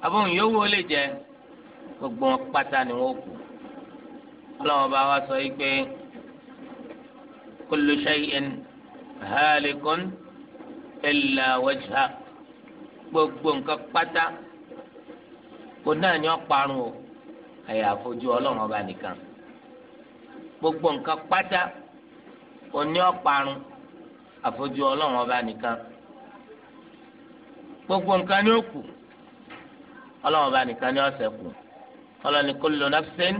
abóhùn yóò wó lè jẹ gbogbo wọn pátá ni wọn kù ọlọ́wọ́n bá wa sọ yìí pé kullu shay'in halikun illa wajha gbogbo nǹkan pátá kò náà ni wọn parun o àyàfi ojú ọlọ́wọ́n ọba nìkan gbogbo nǹkan pátá kò ní wọn parun àfojú ọlọ́wọ́n ọba nìkan gbogbo nǹkan ni ó kù ọlọ́wọ́n bá nìkan ní ọ̀sẹ̀ kù ọlọ́ni kullu nafsin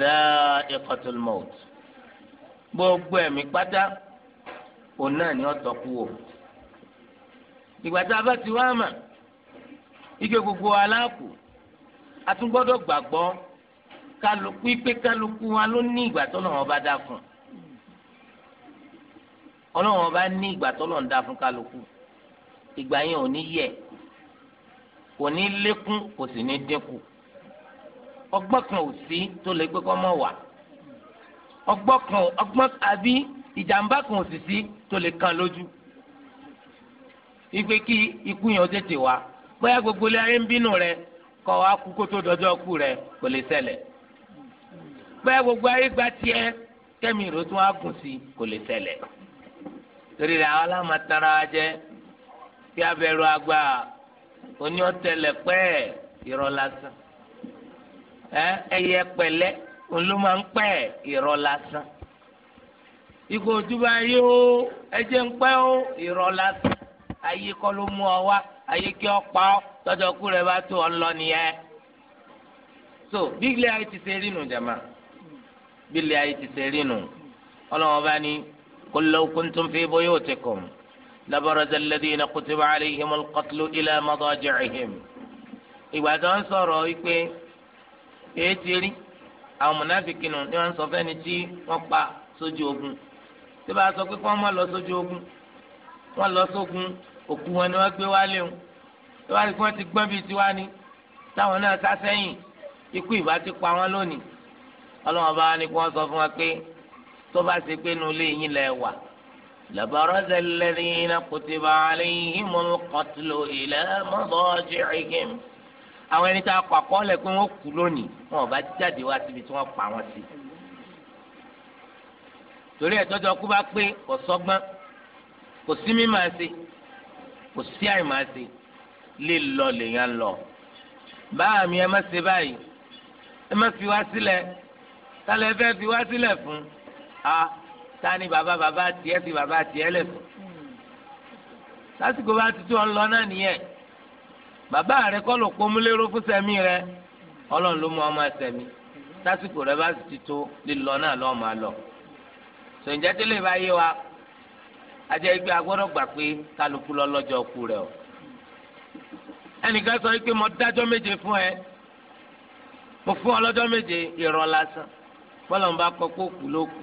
dha'iqatul maut gbogbo ẹ̀mí pátá òun náà ni ọ̀tọ̀ kú o ìgbà tá a bá ti wá mà ike gbogbo aláàkú a tún gbọ́dọ̀ gbàgbọ́ kálukú ipe kálukú wa ló ní ìgbà tó lọ́wọ́ bá dá fún ọlọ́wọ́n bá ní ìgbà tó lọ́wọ́ dá fún kálukú ìgbà yẹn ò ní yẹ kò ní lékún kò sì ní dínkù ọgbọ́n kan ò sí tó lè gbé kọ́ mọ́ wà ọgbọ́n kan ọgbọ́n àbí ìjàmbá kan ò sì sí tó lè kan lójú ipe kí ikú yẹn ó tètè wá bóyá gbogbo ilé ayé ń bínú rẹ kọ́ wa kú kó tó dọjọ́ kú rẹ kò lè ṣẹlẹ̀ bóyá gbogbo ayé gba tiẹ̀ kẹ́mi ìró tún á gùn sí kò lè ṣẹlẹ̀ torí rẹ̀ àwọn alámọ̀tara jẹ́ kí abẹ́rù agbára. oní ọtẹlẹ pẹ irọ́ ẹyẹ pẹ̀lẹ́ olóma ń pẹ irọ́ lásán ikú yìí ó ẹjẹ ń pẹ ó irọ́ ayé kọ́ ló mú ọ wá ayé kí ọ so bílẹ̀ ayé ti ṣe rí nù jàmá bílẹ̀ ayé ti ṣe rí nù ọlọ́wọ́n bá ní kó kó ń لبرز الذين كتب عليهم القتل إلى مضاجعهم إذا tí wọ́n sọ̀rọ̀ wípé èyí ti rí àwọn mọnàfíkì nù ni wọ́n sọ fẹ́ni tí wọ́n pa sójú ogun tí bá a sọ pé kí wọ́n má lọ sójú ogun wọ́n lọ sógun òkú wọn ni wọ́n gbé wá léwu tí wọ́n kí wọ́n ti gbọ́n bíi tiwa ni táwọn náà sá sẹ́yìn ikú ìbá ti pa wọ́n lónìí ọlọ́wọ́n bá wá ní kí wọ́n sọ fún wa pé tó bá ṣe pé inú ilé yín lẹ wà لبرز الذين كتب عليهم القتل إلى مضاجعهم àwọn ẹni tá a kọ àkọọ́lẹ̀ pé wọ́n kú lónìí wọn ò bá jáde wá síbi tí wọ́n pa wọn sí. torí ẹ̀ tọ́jú ọkú bá pé kò sọ́gbọ́n kò sí mí máa ṣe kò sí àì máa ṣe lè lọ lèèyàn lọ. báà mi ẹ má ṣe báyìí ẹ má fi wá sílẹ̀ tálẹ̀ fẹ́ fi wá sílẹ̀ fún a tani baba baba tiẹ̀ fi bàbá tiẹ̀ lẹ̀ fún lásìkò bá ti tí wọn lọ náà nìyẹn bàbá rẹ kọ́ ló pọ́nmúlérò fún sẹ́mi rẹ ọlọ́run ló mú ọmọ sẹ́mi lásìkò rẹ bá ti tó lílọ náà lọ́ọ́ máa lọ sọ̀njẹ́ tẹ́lẹ̀ bá yé wa ajẹ́ igbe agbọ́dọ̀ gbà pé kálukú lọ ku rẹ o ẹnìkan sọ pé mo dájọ́ méje fún ẹ mo fún ọ méje irọ́ lásán bọ́lá ń kó kú ló kù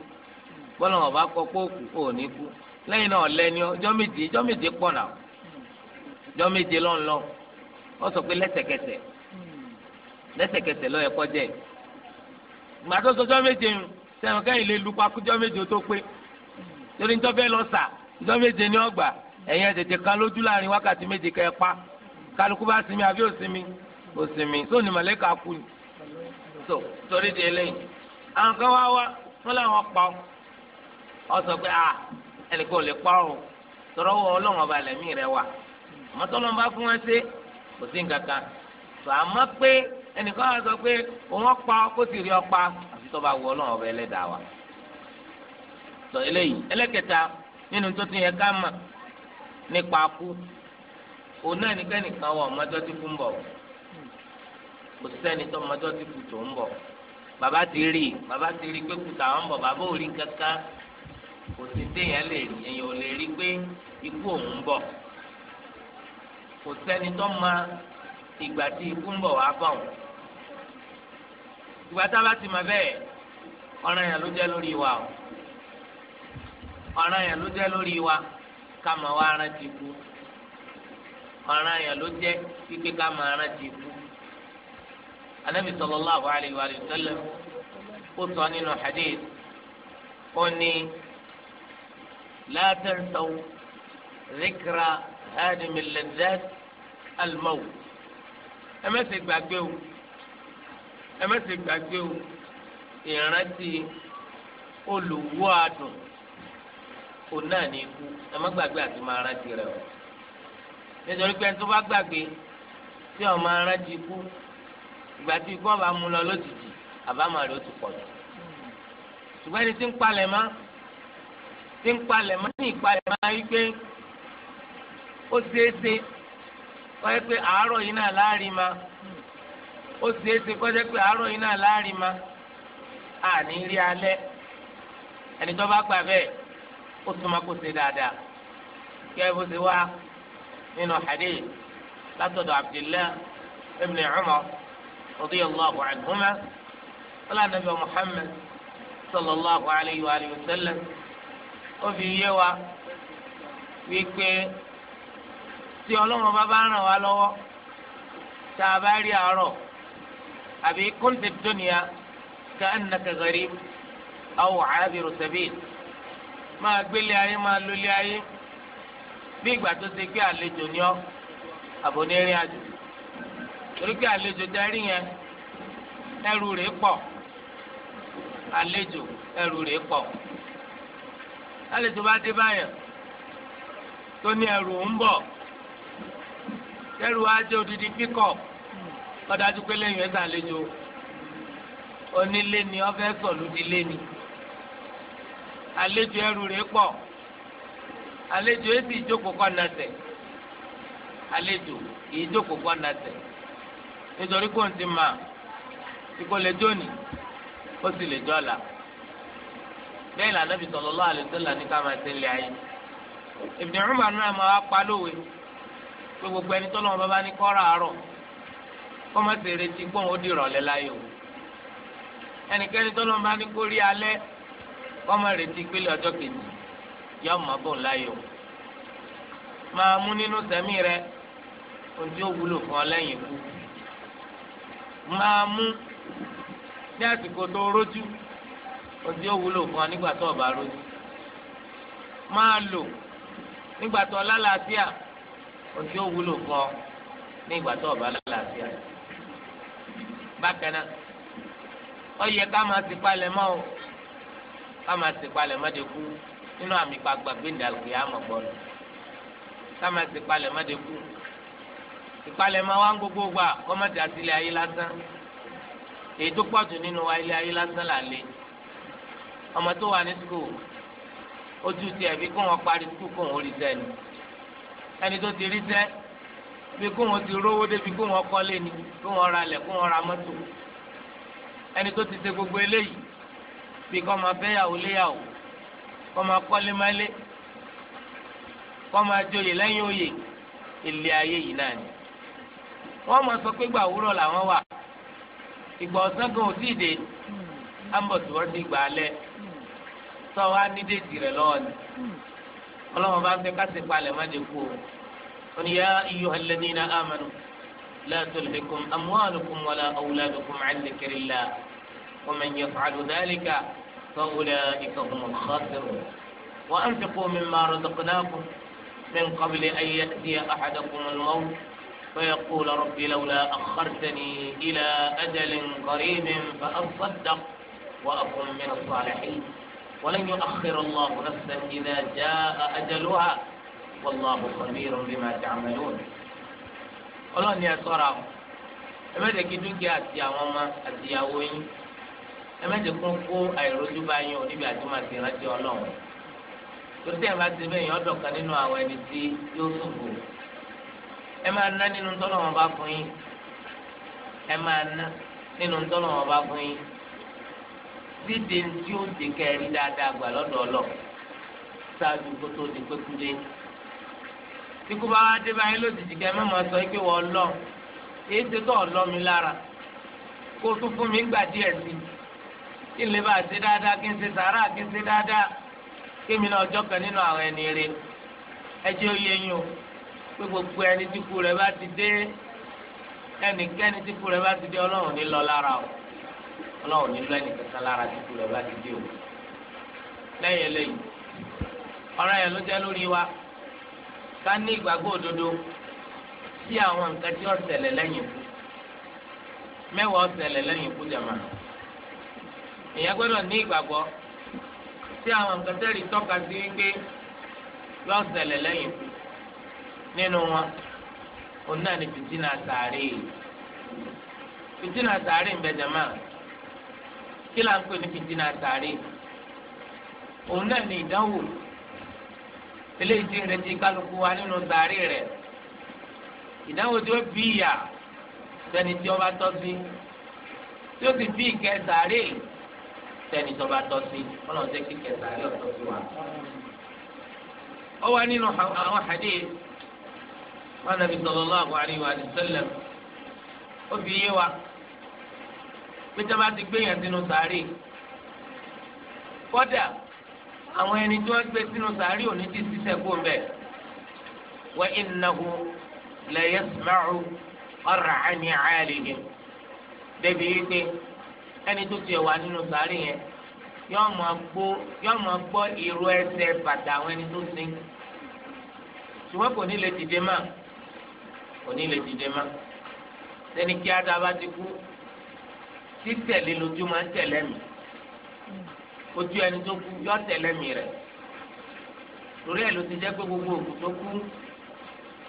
bọ́lá wọn bá kọ́ pé òkú kò ní kú lẹ́yìn náà lẹ́ni ọjọ́ méje ọjọ́ méje pọ̀ náà ọjọ́ méje lọ́nlọ́ wọ́n sọ pé lẹ́sẹ̀kẹsẹ̀ lẹ́sẹ̀kẹsẹ̀ lọ́yẹ kọjá ẹ̀ gbàtọ́ sọjọ́ méje ń sẹ́wọ̀n kẹ́yìn lè lu pakújọ́ méje tó pé torí ń tọ́fẹ́ lọ sà ọjọ́ méje ní ọgbà ẹ̀yìn tètè kan lójú láàrin wákàtí méje kẹ́ ẹ pa kálukú bá sinmi àbí òsinmi òsinmi sóòní mọ̀lẹ́ka kú ni. torí di eléyìí àwọn kan wá wá wọn làwọn pa ọ́ ọ pé ah ẹnìkan ò lè pa ọrùn tọrọ wọ Ọlọ́run ọba lẹmí rẹ wà àmọ́ tọlọ ń bá fún wọn ṣe kò sí nǹkan kan tó àmọ́ pé ẹnìkan á sọ pé òun ọpa kó sì rí ọpa àti tọba wọ Ọlọ́run ọba Ẹlẹ́dàá wa tọ eléyìí ẹlẹ́kẹta nínú tó tún yẹ ká mọ̀ nípa kú òun náà nìkan wọ ọmọdé tó kú ń bọ̀ kò sẹ́ni tó ọmọdé tó kú tó ń bọ̀ bàbá ti rí bàbá ti rí pé kùtà ń bọ̀ bàbá ò rí kankan kò sí téèyàn lè èèyàn ò lè rí pé ikú òun ń bọ̀ kò sẹ́ni tó ìgbà tí ikú ń bọ̀ wá bọ̀ ìgbà tá a ti mọ wa o ọ̀ràn yẹn ló jẹ́ lórí wa ká máa wá rántí kú ọ̀ràn yẹn ló jẹ́ pípé ká máa rántí kú anabi sallallahu alayhi wa ó sọ nínú hadith ó ní. لا تنسوا ذكرى هادم اللذات الموت ẹ má ṣe gbàgbé o ẹ má ṣe gbàgbé o ìrántí olùwọ́ adùn òun náà ní ikú ẹ má gbàgbé àti máa rántí rẹ o nítorí pé ẹni tó bá gbàgbé tí ọ máa rántí ikú ìgbà tí ikú ọba mú lọ lójijì àbámọ̀ rẹ ó ti pọ̀ jù ṣùgbọ́n ẹni tí ń palẹ̀ mọ́. ti ń palẹ̀ mọ́ ní ìpalẹ̀ máa wí pé ó ṣeéṣe kọ́ ẹ pé àárọ̀ yìí náà láàrin ma ó ṣeéṣe kọ́ ẹ pé àárọ̀ yìí náà láàrin ma rí alẹ́ ẹni tó bá gbà bẹ́ẹ̀ ó súnmọ́ kó ṣe dáadáa kí ẹ bó ṣe wá nínú àdé látọ̀dọ̀ Abdullah ibn Umar ó fi yé wa wípé tí ọlọ́run bá bá ràn wá lọ́wọ́ tá a bá rí àárọ̀ àbí kóńtè dóníyà ká ẹnìkan gàrí àwọn àábìrò sabil máa gbélé ayé máa lólé ayé bí ìgbà tó ṣe gbé àlejò ní ọ àbò àjò torí pé àlejò darí yẹn ẹrù rẹ̀ pọ̀ àlejò ẹrù rẹ̀ pọ̀. lálejò bá dé báyàn tó ní ẹrù ń bọ̀ ẹrù wa odidi píkọ̀ ọ̀dájú pé lẹ́yìn ẹ̀ sàlejò onílé ni ọ̀fẹ́ sọ̀lùdílé ni àlejò ẹrù rẹ̀ pọ̀ àlejò èsì ìjókòó kọ́ nàtẹ̀ àlejò ìjókòó kọ́ nàtẹ̀ nítorí kò ń ti mà kí kò lè jóni ó sì lè jọ́ la. bẹ́ẹ̀ ni anabi sallallahu alaihi wasallam ní ká máa tẹ̀lé ayé Ibn Umar náà máa pa pé gbogbo ẹni tọ́lọ́wọ́n bá bá ní kọ́ra àárọ̀ kọ́ máa ṣe retí gbọ́n ó di ìrọ̀lẹ́ o ẹnikẹ́ni tọ́lọ́wọ́n bá ní kó rí alẹ́ kọ́ máa retí pélé ọjọ́ kejì yá ọmọ bò o máa mú nínú sẹ́mi rẹ ohun ó wúlò fún ọ lẹ́yìn ikú máa mú ní àsìkò ojú òwúlò fún wa nígbà tó o bá rojú máa lò nígbà tó o lálàáfíà ojú òwúlò fún ọ nígbà tó o bá lálàáfíà bákan náà ó yẹ ká máa ti palẹ̀ mọ́ o ká máa ti palẹ̀ mọ́ de kú nínú àmì ìpagbà gbẹ̀ndàgbé àmọ̀ gbọ́dọ̀ ká máa ti palẹ̀ mọ́ de kú ìpalẹ̀mọ́ wa ń gbogbo gbà kọ́mọ̀tì àti ilé ayé lásán èyí tó pọ̀jù nínú wa ilé ayé lásán là ń lé ní ọmọ tó wà ní skul ojú tiẹ̀ bí kó wọn parí skul kó wọn rí sẹ́ ni ẹni tó ti rí sẹ́ bí kó wọn ti rówó débi kó wọn kọ́lé ni kó wọn ra lẹ̀ kó wọn ra mọ́tò ẹni tó ti ṣe gbogbo eléyìí bí kó máa fẹ́yàwó léyàwó kó máa kọ́lé mẹ́lé kó máa joyè lẹ́yìn oyè ilé ayé yìí náà ni wọ́n máa sọ pé gbàwúrọ̀ làwọn wà ìgbà ọ̀sán gan ò tíì dé ambọ̀tí wọ́n di gbà lẹ̀ sọ wa ní déètì rẹ̀ lọ́wọ́ ni ọlọ́wọ́n bá ń fẹ́ kásì palẹ̀ má dé kú o wọn yá ayyuhal ladhina amanu la tulhikum amwalukum wala awladukum an dhikrillah wa man yaf'alu dhalika fa ulaika humul khasirun wa anfiqu mimma razaqnakum min qabli an ya'tiya ahadakumul mawt فيقول ربي لولا أخرتني إلى أجل قريب فأصدق وأكون من الصالحين ولن يؤخر الله نفسا إذا جاء أجلها والله خبير بما تعملون ọlọ́run ni ẹ sọ́ra o ẹ má jẹ́ kí dúkìá àti àwọn ọmọ àti ìyàwó yín ẹ má jẹ́ kó àìrójú bá yín oníbi àti máa ti torí tẹ́ ẹ bá ti bẹ́ẹ̀ yín ọ̀dọ̀ kan nínú àwọn ẹni tí yóò ṣòfò ẹ máa ná nínú tọ́lọ̀ wọn bá fún yín ẹ máa ná nínú tọ́lọ̀ wọn bá fún yín dídè tí ó ń dè kẹrin dáadáa gbà lọ́dọ̀ ọlọ́ ṣáájú kó tó di pékúdé tí kò bá wá dé báyìí lójijì kẹ mọ́mọ́ sọ pé wọ́n lọ èyí ṣe tó ọ̀lọ́ mi lára kó tún fún mi gbà díẹ̀ sí kí n lè bá ṣe dáadáa kí n ṣe sàárà kí n ṣe dáadáa kí mi náà ọjọ́ kan nínú àwọn ẹni rẹ ẹ jẹ́ oyè yín o pé gbogbo ẹni tí kú rẹ̀ bá ti dé ẹnikẹ́ni tí kú rẹ̀ bá ti dé ọlọ́run ní lọ lára o ọlọ́run nílò ẹnìkankan lára títú rẹ̀ bá ti dé o. lẹ́yìn eléyìí ọ̀rọ̀ yẹn ló jẹ́ lórí wa ká ní ìgbàgbọ́ òdodo sí àwọn nǹkan tí ó ṣẹlẹ̀ lẹ́yìn ikú mẹ́wàá ó ṣẹlẹ̀ lẹ́yìn ikú jàmá. èèyàn gbọ́dọ̀ ní ìgbàgbọ́ sí àwọn nǹkan tẹ́rì tọ́ka sí wípé yóò lẹ́yìn ikú nínú wọn òun náà ni fìtínà sàárè fìtínà sàárè ń bẹ jàmá kí là ń pè ní fìtínà sàárè òun náà ní ìdánwò eléyìí ti retí kálukú wa nínú sàárè rẹ̀ ìdánwò tí ó bí ìyà sẹ́ni tí ọba tọ́ sí tí ó sì bí ìkẹ́ sàárè sẹ́ni tí ọba tọ́ sí ọlọ́run jẹ́ kíkẹ́ sàárè ọ̀tọ́ wa. ó nínú àwọn hadith wọn nàbí sallallahu alaihi wa sallam ó fi yé wa pété bá ti gbé yẹn sínú sàárè kódà àwọn ẹni tí wọ́n gbé sínú sàárè òní ti ṣiṣẹ́ kó ń bẹ̀ wa innahu la yasma'u ọ̀rọ̀ àní àlehìn débi wípé ẹni tó tiẹ̀ wà nínú sàárè yẹn yọ́n máa gbọ́ ìró ẹsẹ̀ bàtà àwọn ẹni tó sin ṣùgbọ́n kò ní lè dìde mọ́ kò ní lè dìde mọ́ sẹ́ni kí á dábàá ti kú títẹ̀lé lójú máa ń tẹ̀lé mi ojú ẹni tó kú yọ tẹ̀lé mi rẹ̀ torí ẹ̀ ló ti jẹ́ pé gbogbo òkú tó kú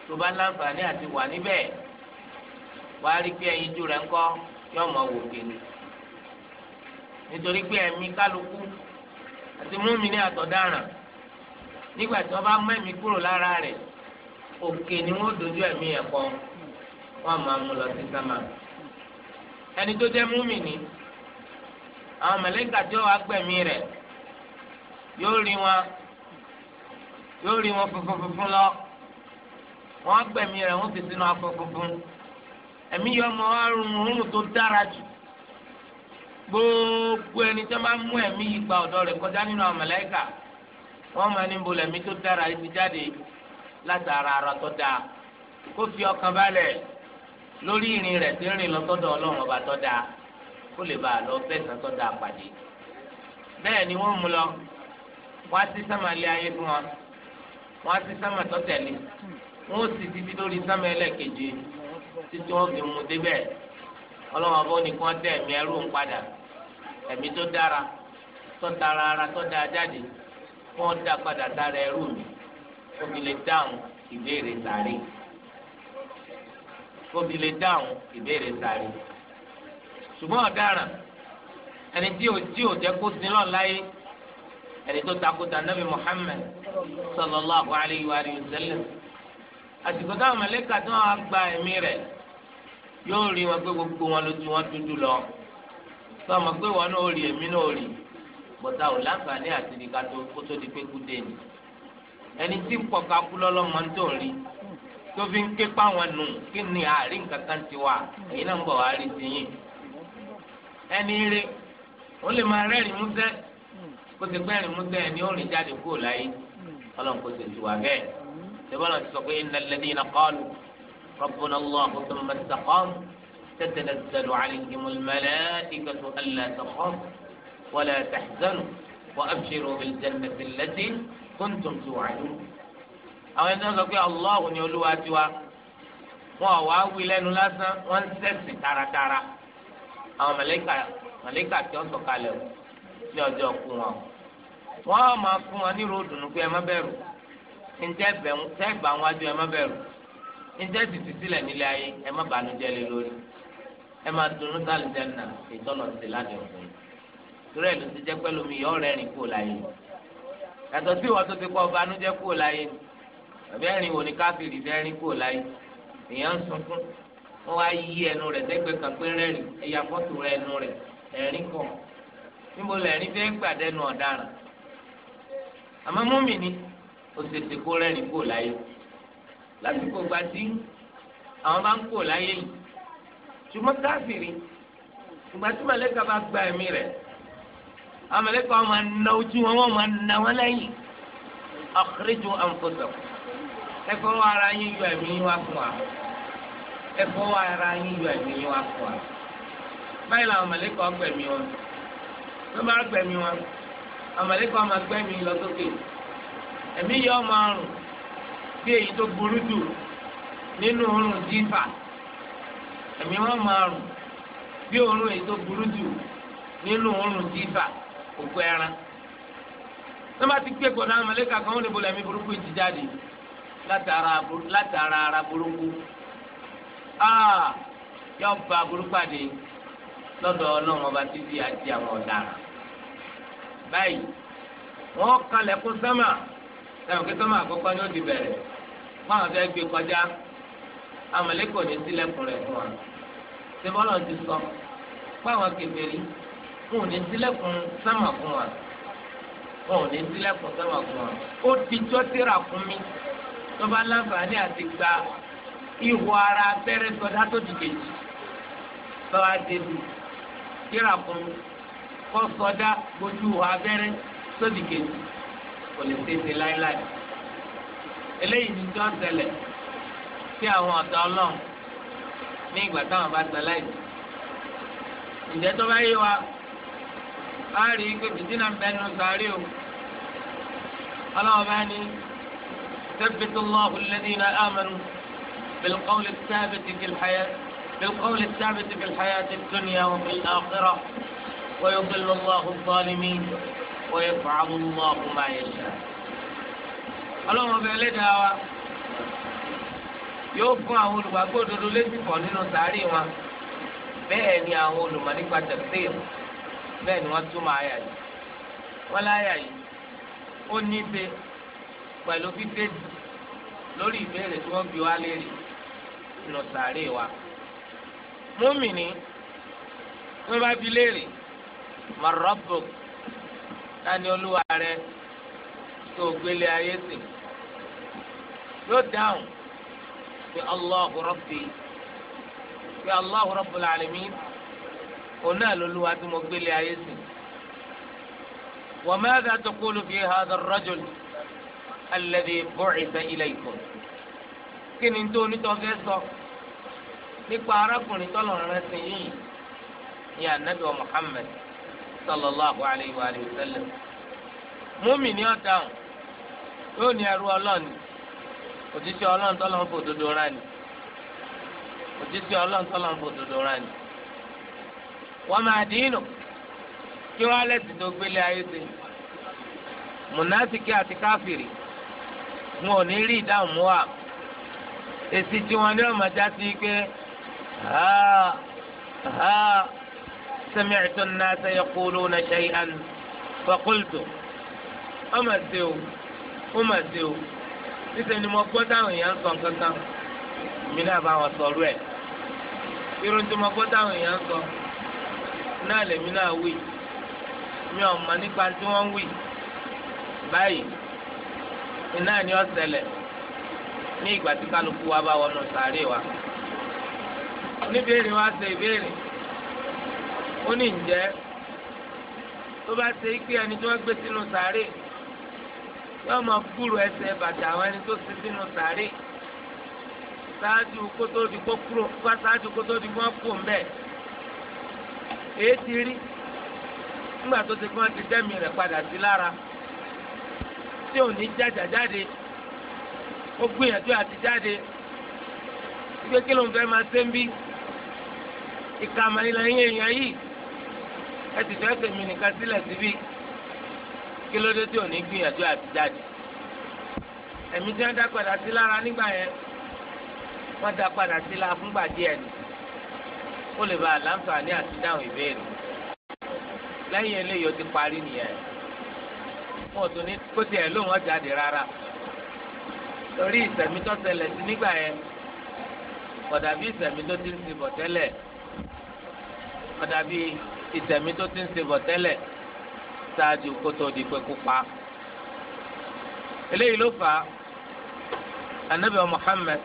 tó bá láǹfààní àti wà níbẹ̀ wá rí pé ẹyin ju rẹ̀ ńkọ́ yọ mọ̀ wò kéde nítorí pé ẹ̀mí kálukú àti múmi ní àtọ̀dáràn nígbà tí wọ́n bá mú ẹ̀mí kúrò lára rẹ̀ òkè ni wọ́n dojú ẹ̀mí ẹ̀kọ́ wọ́n máa mú lọ sí sámà. ẹni tó jẹ́ múmìnì àwọn mẹ̀lẹ́kà tí wọ́n agbẹ̀mí rẹ̀ yóò rí wọn yóò rí wọn funfun funfun lọ wọn agbẹ̀mí rẹ̀ fi sínú afọ funfun ẹ̀mí yọ ọmọ wa rún un tó dára jù gbogbo ẹni tí wọ́n bá mú ẹ̀mí yìí gba ọ̀dọ̀ rẹ̀ kọjá nínú àwọn máa ní tó dára jáde látara tó dáa kó lórí ìrìn rẹ̀ tí ń rìn lọ́tọ́dọ̀ ọlọ́run ọba tó dáa kó lè bàa lọ bẹ́sẹ̀ tó dáa pàdé bẹ́ẹ̀ ni wọ́n mú lọ wọ́n á sí sámà lé ayé fún wọn wọ́n á sí sámà tó tẹ̀lé wọ́n ó sì títí lórí sámà ẹlẹ́ẹ̀keje títí wọ́n fi mú débẹ̀ ọlọ́run ọba nìkan tẹ̀ ẹ̀mí ẹrú ń padà ẹ̀mí tó dára tó tara ara tó dáa jáde wọ́n dá padà dára ẹrú mi ó lè dáhùn ìbéèrè sàárè kóbi lè dáhùn ìbéèrè sáré ṣùgbọ́n ọ̀daràn ẹni tí ò tí ò jẹ́ kó sin lọ́ọ̀ láyé ẹni tó takùtà nàbì Muhammad sallallahu alayhi wa sallam àsìkò táwọn mẹlẹ́kà tí wọ́n gba ẹ̀mí rẹ̀ yóò rí wọn pé gbogbo wọn ló ti wọn dúdú lọ tó ọmọ pé wọn náà rí ẹ̀mí náà rí bọ̀tà ò láǹfààní àti ìdíkà tó kó tó di pé kú dé ni ẹni tí ń pọ̀ ká kú lọ́lọ́mọ tó ń rí tó fi ń ké páwọn nù kí ni àárín kankan ti wà èyí náà ń bọ̀ wá rí tiyín ẹni rí ó lè máa rẹ́rìn músẹ́ kó ti gbẹ́rìn músẹ́ ẹni ó rìn jáde kúrò láyé ọlọ́run kò sì tù wá bẹ́ẹ̀ ṣùgbọ́n àwọn ti sọ pé innal ladhina qalu rabbuna Allahu thumma istaqamu tatanazzalu alayhimul malaikatu alla takhafu wa la tahzanu wa abshiru bil àwọn ẹni tó ń sọ pé ni olúwa tiwa wọn ò wá wí lẹ́nu lásán wọ́n ń sẹ̀sìn taratara àwọn màlàíkà màlàíkà tí wọ́n sọ̀kalẹ̀ o ní ọjọ́ kú wọn wọn á máa fún wọn ní ròdù nù ẹ má bẹ̀rù ǹjẹ́ bá wọn adú ẹ má bẹ̀rù títí sílẹ̀ nílé ayé ẹ má lórí ẹ má nà ìtọ́nà ọ̀gbìn torí ẹ̀ ló ti jẹ́ pẹ́lú mi yọ ọ̀rẹ́ rìn àbí ẹ̀rín wo ni káfíìrì fẹ́ rí kúrò láyé èèyàn ń sunkún wọ́n wá yí ẹnu rẹ̀ dẹ́gbẹ́ kan pé rẹ́rìn ẹ̀yà fọ́tò rẹ̀ ẹnu rẹ̀ ẹ̀rín kọ̀ níbo lẹ̀rín fẹ́ gbàdẹ́nu ọ̀daràn àmọ́ múmi ni ó ṣe ṣe kó rẹ́rìn kúrò láyé lásìkò gba tí àwọn bá ń kúrò láyé yìí ṣùgbọ́n káfíìrì ìgbà tí màlẹ́kà bá gba ẹ̀mí rẹ̀ àwọn màlẹ́kà wọn máa ń na ojú wọn wọn máa ń na wọn lẹ́yìn akhrijū anfusakum. ẹ fọwọ́ ara yín yọ ẹ̀mí yín wá fún wa ẹ fọwọ́ ara yín yọ ẹ̀mí yín wá fún wa báyìí làwọn mọ̀lẹ́kọ̀ ọgbẹ̀mí wọn tó bá gbẹ̀mí wọn ọmọ gbẹ̀mí lọ sókè ẹ̀mí yọ ọmọ ọrùn bí èyí tó burú jù nínú oorun jífà ẹ̀mí wọn bí oorun èyí látara ara burúkú ah, yọ ba burúkú àdé lọ́dọ̀ ọlọ́run ọba títí àti àwọn ọ̀daràn báyìí wọ́n kalẹ̀ kó sẹ́mà sẹ́mà kí sẹ́mà àkọ́kọ́ ni ó ti bẹ̀rẹ̀ fáwọn fẹ́ gbé kọjá amọ̀lẹ́kọ̀ọ́ ní sílẹ̀kùn rẹ̀ fún wa sẹ́mọ́lọ́ ti sọ fáwọn kèfèrí wọn ò ní sílẹ̀kùn sẹ́mà fún wa wọn ò ní sílẹ̀kùn fún wa ó ti jọ́ síra fún mi lọ́ba láǹfààní àti gba ihò ara abẹ́rẹ́ sọdá tó di kejì lọ́wọ́ adélu kíra fún kọ́ sọdá gbójú ihò abẹ́rẹ́ tó di kejì kò lè tètè láéláé eléyìí ni tó ń ṣẹlẹ̀ sí àwọn ọ̀tá ọlọ́run ní ìgbà táwọn bá sọ láì ǹjẹ́ tó bá yé wa a rí i pé bìtínà ń bẹnu sàárè o ọlọ́run bá ní. يثبت الله الذين آمنوا بالقول الثابت في الحياة بالقول الثابت في الحياة الدنيا وفي الآخرة ويضل الله الظالمين ويفعل الله ما يشاء اللهم بعلي دعوة يوفقوا أول بقود رولين بقولين تاريما بأن يأول ملك تكتير بأن وانتم آيات ولا آيات ونيبه pẹ̀lú fífèsì lórí ìbéèrè tí wọ́n bi wá léèrè nínú sàárè wa. múmìnì wọ́n bá bi léèrè màrọ́bù tani olúwa rẹ tó gbélé ayé sí yóò dáhùn pé Allahu Rabbi pé Allahu Rabbul Alamin òun náà lolúwa tí mo gbélé ayé sí. wa madha taqulu fi hadha ar alladhi bu'itha ilaykum kí ni tó onítọ̀ fẹ́ sọ nípa arákùnrin tọ́lọ̀ rẹ sí yìí ní anabi wa muhammed sallallahu alayhi wa sallam múmi ni yóò ní ẹrú ọlọ́ọ̀ni òjíṣẹ́ ń fò dodo ni òjíṣẹ́ ọlọ́ọ̀ni tọ́lọ́ ń fò dodo ra ni wọ́n máa dínú kí wọ́n á lẹ́sìn tó gbélé ayé àti wọn ò ní rí ìdáhùn mú wa èsì tí wọn ní ọmọ já sí pé ha ha sami'tu an-nasa yaquluna shay'an fa qultu ọmọ sí o ọmọ sí o níṣẹ́ ni mo gbọ́ táwọn èèyàn ń sọ kankan mi náà bá wọn sọ̀rọ̀ ẹ̀ irun tí mo gbọ́ táwọn èèyàn ń sọ náà lèmi náà wí mi ò mọ̀ nípa tí wọ́n ń wí báyìí iná ni ó ṣẹlẹ̀ ní ìgbà tí kálukú wa bá wọnú sàárè wa oníbèrè wa ṣe ìbéèrè ó ní ǹjẹ́ tó bá ṣe pé ẹni tí gbé sínú sàárè yóò máa gbúrò ẹsẹ̀ bàtà àwọn ẹni tó ṣe sínú sàárè ṣáájú kótó di kó kúrò wá ṣáájú kótó di kó kú mbẹ èyí ti rí nígbà tó ti kí wọ́n ti dẹ́mi rẹ̀ padà sí lára tí ò ní jájà jáde ó gbìyànjú àti jáde ìgbé kí ló ń fẹ́ máa ṣe ń bí ìka àmàlìlà yín èèyàn yìí ẹ ti fẹ́ tèmi nìkan sílẹ̀ síbí kí ló dé tí ò ní gbìyànjú àti jáde ẹ̀mí tí wọ́n dá padà sí lára nígbà yẹn wọ́n dá padà sí lára fúngbà díẹ̀ ni ó lè ba àlàǹfààní àti dáhùn ìbéèrè lẹ́yìn eléyìí ó ti parí nìyẹn wọn ò tó ní kó tiẹ̀ lóun ọjà dé rárá torí ìsẹ̀mí tó ṣẹlẹ̀ sí nígbà yẹn kódà bí ìsẹ̀mí tó ti ń ṣe bọ̀ tẹ́lẹ̀ kódà bí ìsẹ̀mí tó ti ń ṣe bọ̀ tẹ́lẹ̀ ṣáájú kó tó di pé kó pa. eléyìí ló fà á anabi muhammed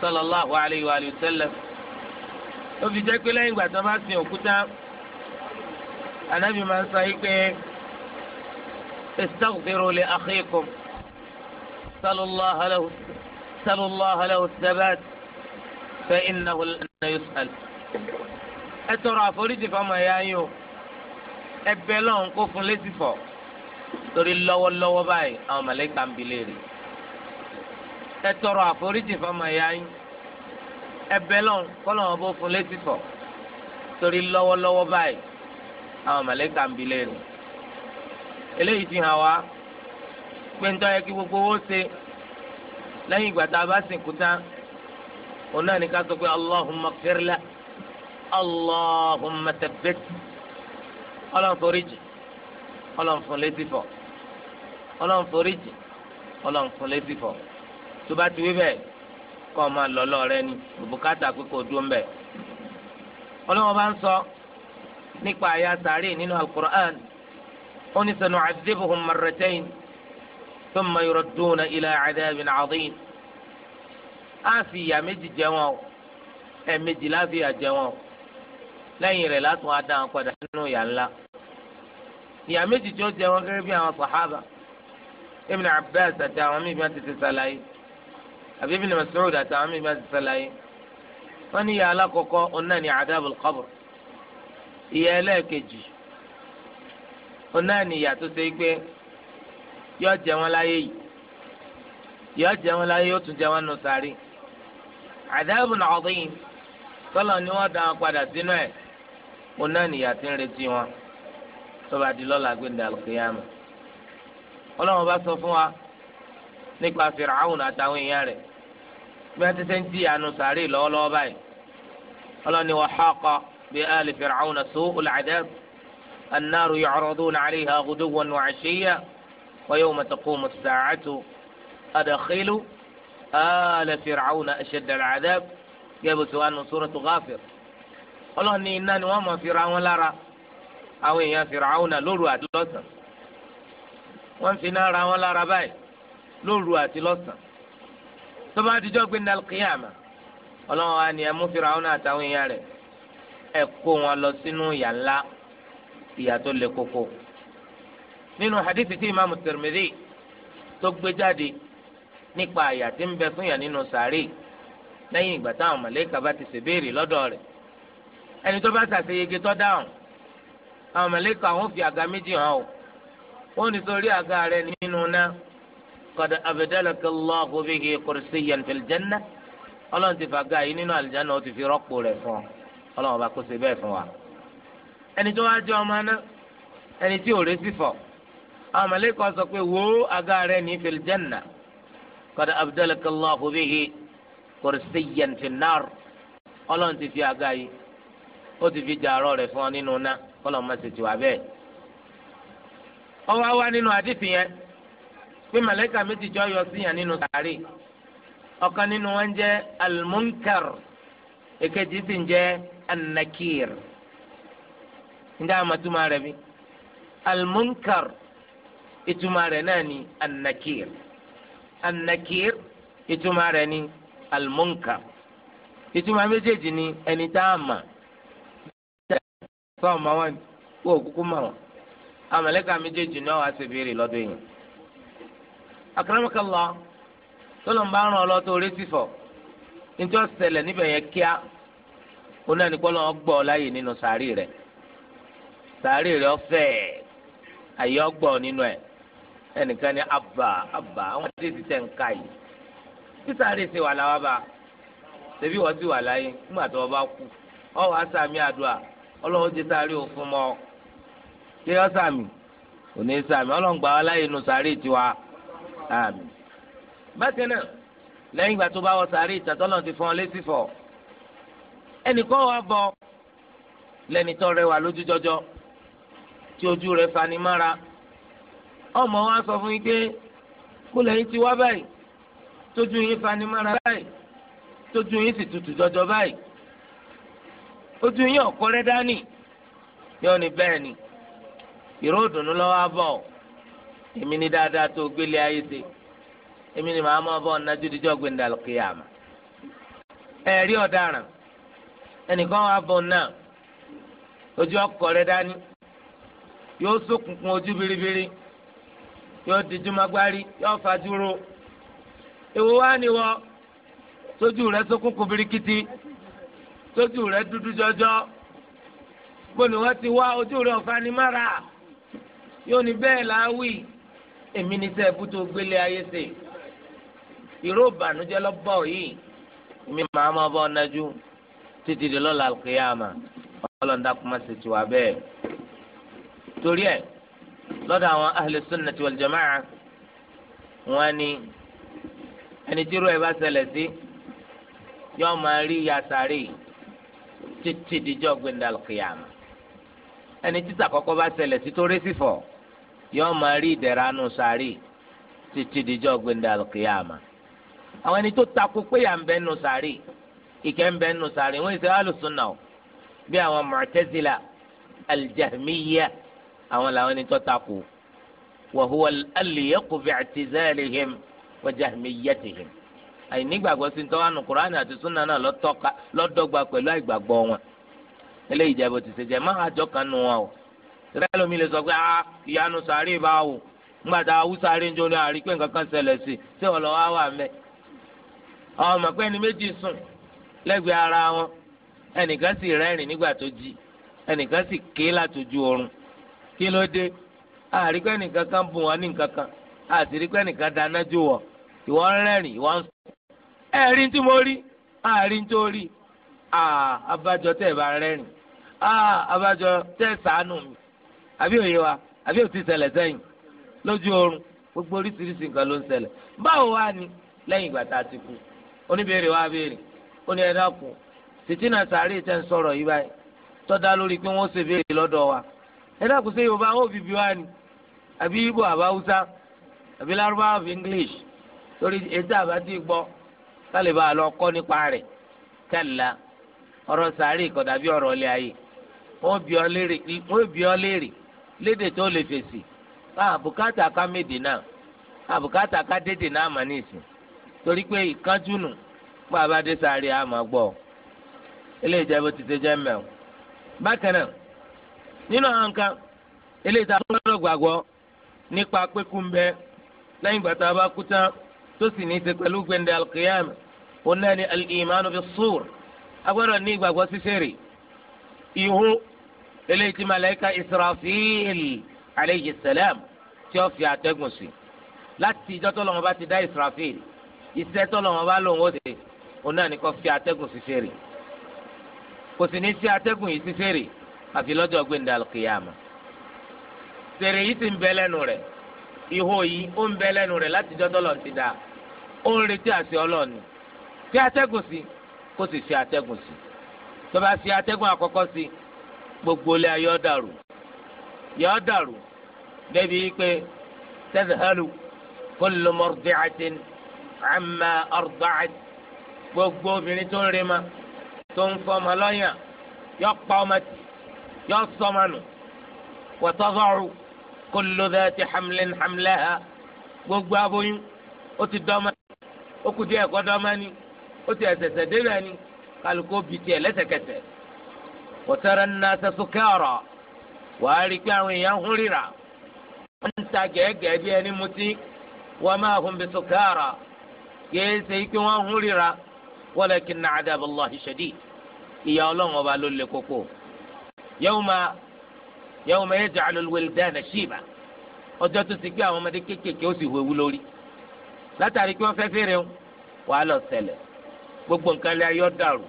sallallahu alayhi wa sallam ó fi jẹ́ pé lẹ́yìn ìgbà tó bá sin òkúta anabi máa ń sọ yìí pé. استغفروا لأخيكم سلوا الله له سلوا الله له الثبات فإنه لن يسأل ẹtọrọ àforíjì fọmọ ẹyà yín o ẹ̀bẹ̀ lọhùn kó fún létí fọ torí lọ́wọ́lọ́wọ́ báyìí àwọn mọlẹka ń bi léèrè ẹtọrọ àforíjì fọmọ ẹyà yín ẹ̀bẹ̀ lọhùn kọlọhùn bó fún létí fọ torí lọ́wọ́lọ́wọ́ báyìí àwọn mọlẹka ń bi léèrè. eléyìí fi hàn wá pé ń tọ́ yẹ kí gbogbo owó ṣe lẹ́yìn ìgbà tá a bá sìnkú tán òun náà ní ká sọ pé allahumma kẹrìlá allahumma tẹ̀bẹ́t ọlọ́run foríjì ọlọ́run fún létí fọ̀ tó bá ti wí bẹ́ẹ̀ kọ́ ọ máa lọ lọ́ọ̀rẹ́ ni bùkátà pé kò dúró mbẹ́ sọ nípa àyà sàárè nínú قلت سنعذبهم مرتين ثم يردون إلى عذاب عظيم آفي يا مجي جواو مجي لا فيها جواو لا يرى لا تعدان قد أنه يلا يا مجي جو جواو غربي عن صحابة ابن عباس أتعامي بنت تسالي أبي ابن مسعود أتعامي بنت تسالي فني يا لقوكو أنني عذاب القبر يا لكجي onáà ní ìyà tó ṣe pé yọ jẹ wọn láyé yìí yọ jẹ wọn láyé yóò tún jẹ wọn nù sáré adhabun adhim tọ́lọ̀ ni wọ́n dá wọn padà sínú ẹ̀ onáà ní ń retí wọn lọ́la ọlọ́run bá sọ fún wa nípa Fir'aun àtàwọn èèyàn rẹ̀ bí wọ́n ti ṣe ń jí àánú sáré lọ́wọ́lọ́wọ́ báyìí ọlọ́run ni ali Fir'aun su'ul النار يعرضون عليها غدوا وعشيا ويوم تقوم الساعة أدخلوا آل فرعون أشد العذاب يبث أن سورة غافر الله ni iná ni wọ́n mọ̀ Firaun lára àwọn èèyàn Firaun náà lóru àti lọ́sàn wọ́n fi iná ra wọn lára báyìí lóru àti lọ́sàn tó bá dijọ́ gbé ní alkiyama ọlọ́run wa ni ẹ mú Firaun náà àtàwọn èèyàn rẹ̀ ẹ kó wọn lọ sínú yàrá ńlá ìyà tó le koko nínú hadithi tí imaamu Tirmidhi tó gbé jáde nípa àyà tí ń bẹ fún yà nínú sàárè lẹ́yìn ìgbà táwọn mọ̀lẹ́kà bá ti ṣèbéèrè lọ́dọ̀ rẹ̀ ẹni tó bá ṣàṣeyege tó dáhùn àwọn mọ̀lẹ́kà wọn fi àga méjì hàn o wọn ní sórí àga rẹ̀ nínú náà qad abdalaka Allahu bihi kursiyyan fil jannah ọlọ́run ti fàgá yìí nínú àlùjáná ó ti fi rọ́pò rẹ̀ fún ọ ọlọ́run ọba kó ṣe bẹ́ẹ̀ fún wa. ẹni tó wá jẹ́ ọmọ náà ẹni tí ò retí fọ̀ àwọn mọ̀lẹ́kọ̀ sọ pé wo aga rẹ ní fil janna qad abdalaka Allahu bihi kursiyyan fin ti fi aga yìí ó ti fi jàrọ̀ rẹ̀ fún ọ nínú ná kọ́lọ́ ma ṣètò abẹ́ ẹ̀. ọwọ́ wa nínú àdìsí yẹn pé jọ yọ sí n'inu nínú sàárè nínú wọn èkejì sì ń njẹ́ àmàtúmọ̀ rẹ̀ bí almunkar ìtumọ̀ rẹ̀ náà ni anakir anakir ìtumọ̀ rẹ̀ ni almunkar ìtumọ̀ méjèèjì ni ẹni tá a mà sọ ma wọn wọ òkúkú ma wọn amaleka méjèèjì náà wà á ṣèbéèrè lọ́dọ̀ yẹn akọrọmọkànlá tọlọmọba ràn ọ lọtọ orí sífọ nítorí ọsẹlẹ níbẹ̀ yẹn kíá ó náà ní kọ́ lọ́wọ́ gbọ́ ọ láàyè nínú sàárì rẹ̀ sàárè rẹ̀ ọ̀fẹ́ àyọ̀gbọ̀ nínú ẹ̀ ẹnìkan ní abba abba àwọn tí ti tẹ̀ ń ka yìí tí sàárè ṣe wà láwa bá tẹ̀bí wọ́n ti wà láyé nígbà tó o bá kú ọ wàá àdúrà ọlọ́wọ́ ti sàárè òfin mọ́ ṣé ọ sàmì sàmì ọlọ́ngbà wa láyé nu sàárè tiwa àmì bákan náà lẹ́yìn ìgbà tó bá wọ sàárè ìtàtọ́nà ti fọ́n létí fọ́ ẹnì wà bọ́ lẹ́ni tó rẹwà lójú jọjọ́ tí ojú fani fanimára ọmọ wa sọ fún yín pé kólẹ̀ yín ti wá báyìí tójú yín fanimára báyìí tójú yín sì tutù jọjọ báyìí ojú yín ọ̀kọ́rẹ́ dání yóò ní bẹ́ẹ̀ ni ìró ìdùnnú lọ́wọ́ abọ́ èmi ní dáadáa tó gbélé ayé ṣe èmi ní màá mọ́ bọ́ ọ̀nàjú díjọ́ gbẹ̀ndàlù kìyàmà ẹ̀rí ọ̀daràn ẹnìkan wà bọ̀ náà ojú ọkọ̀ rẹ̀ dání yóò ṣókùnkùn ojú biribiri yóò dijú magbárí yóò fajúro èwo wá ni wọ tójú rẹ ṣókùnkùn birikiti tójú rẹ dúdú jọjọ gbọ́dọ̀ wọ́n ti wá ojú rẹ ọ̀fanimára yóò ní bẹ́ẹ̀ là á wì èmi ní sẹ́ẹ̀ bú tó gbélé ayé sè ìró ìbànújẹ́ lọ́bọ̀ yìí èmi màá ma bọ́ ọ nájú títí di lọ́la kìyàmà ọlọ́ndàkùnmá ṣètìwà bẹ́ẹ̀ torí ẹ̀ lọ́dọ̀ àwọn ahlẹ̀ sunnati wal jama'a wọn ni ẹni tí irú ẹ̀ bá ṣẹlẹ̀ sí yóò máa rí yasari títí dijọ́ gbendal kìyàmù ẹni títà kọ́kọ́ bá ṣẹlẹ̀ sí torí sífọ̀ yóò máa rí ìdẹ̀ra nù sàárì títí dijọ́ gbendal kìyàmù àwọn ẹni tó takò pé yà ń bẹ nù sàárì ìkẹ́ ń bẹ nù sàárì wọ́n ìṣe alùsùnà bí àwọn mu'tazila al àwọn làwọn ẹni tó takò wàhùwà àlìyẹ́kù fi i'tizalihim wa jahmiyyatihim àìnígbàgbọ́ sí tọ́wọ́ nù kúránì àti súnà náà lọ́dọ́gba pẹ̀lú àìgbàgbọ́ wọn eléyìí jẹ́ bó ti ṣe jẹ́ má àjọ kan nù wọn o tẹ́lẹ̀ mi lè sọ pé ah ìyanu sàárè bá wò ńgbàdá awúsàárè ń jóni àrí pé nǹkan kan ṣẹlẹ̀ sí tí wọ́n wà mẹ́ ọmọ kí ló dé àríkọ́ ẹnìkan kan bùn wọn ní nǹkan kan àtìríkọ́ ẹnìkan dáná jù wọ ìwọ ń rẹ́rìn ìwọ ń sọ ẹ̀rí tí mo rí àrí tó rí abájọ tẹ̀ bá rẹ́rìn abájọ tẹ̀ sànù mi àbí òye wa àbí òtí ṣẹlẹ̀ sẹ́yìn lójú oorun gbogbo oríṣiríṣi nǹkan ló ń ṣẹlẹ̀ báwo wá ni lẹ́yìn ìgbà tá a ti kú oníbèrè wa béèrè ó ní ẹ dákun títí náà sàárè tẹ́ ń sọ̀rọ̀ yìí báyìí tọ́da lórí pé wọ́n ṣèbéèrè lọ́dọ̀ wa ẹ dákun ṣe yorùbá àwọn òbí bí ni àbí ibo àbá àbí lárúbáwá of english torí ètò àbájú gbọ́ kálíbà lọ kọ́ nípa rẹ̀ kálá ọ̀rọ̀ sàárè bi ọ̀rọ̀ ilé ayé wọ́n bí ọ léèrè léde tó lè fèsì àbùkátà ká méde náà àbùkátà ká dédè náà mà ní torí pé ìkánjú nù sàárè àmọ́ gbọ́ ilé ìjẹ́bù ti ṣe jẹ́ bákan nínú àwọn nǹkan eléyìí tá a gbọ́dọ̀ gbàgbọ́ nípa pẹ́kúnbẹ lẹ́yìn ìgbà tá a bá kú tán tó sì ní í ṣe pẹ̀lú gbẹ̀ndẹ̀ alqiyam onáni al-imanu bis-sur a gbọ́dọ̀ ní ìgbàgbọ́ sísèrè ihò eléyìí tí malayika israfil aleyhi salam tí ó fi àtẹ́gùn sí láti ìjọ tó lọ́wọ́ ti dá israfil iṣẹ́ tó lọ́wọ́ lòun ó ṣe onáni kò fi àtẹ́gùn sísèrè kò sì ní sí àtẹ́gùn yìí sísèrè àfi lọ́jọ́ gbẹ̀ndà kìyàmà sèrè yìí ti ń bẹ lẹ́nu rẹ̀ ihò yìí ó ń bẹ lẹ́nu rẹ̀ láti jọ́ tọ́lọ̀ ti dà ó ń retí àṣẹ ọlọ́ọ̀ni fi atẹ́gùn sí kó sì fi atẹ́gùn sí tó bá fi atẹ́gùn àkọ́kọ́ sí gbogbo ilé ayé ọ̀dàrú yọ̀ ọ̀dàrú débi pé tadhalu kullu murdi'atin amma arda'at gbogbo obìnrin tó ń rema tó ń fọmọ lọ́yàn yọ pa ọmọ tì yọ sọmọnù wọtọfọrù kullu dhati hamlin hamlaha gbogbo aboyún ó ti dọ́mọ ó kù díẹ̀ kọ́ dọ́mọ ni ó ti ẹ̀sẹ̀sẹ̀ débẹ̀ ni kálukó bi tiẹ̀ lẹ́sẹ̀kẹsẹ̀ wọ́tẹ́rẹ́ nnasa sukara wàá rí pé àwọn èèyàn ń ríra wọ́n ta gẹ́gẹ́ bí ẹni mutí wa ma hum bi sukara kìí ṣe pé wọ́n ń ríra walakinna adab Allahi shadid ìyà ọlọ́run ọba ló le koko yawma yawma yaj'alul wildana shiba ọjọ́ tó ti gbé àwọn ọmọdé kéékèèké ó sì hu ewu lórí látàrí pé wọ́n fẹ́ fèrè ń wàá lọ ṣẹlẹ̀ gbogbo nǹkan lé ayọ́ dàrú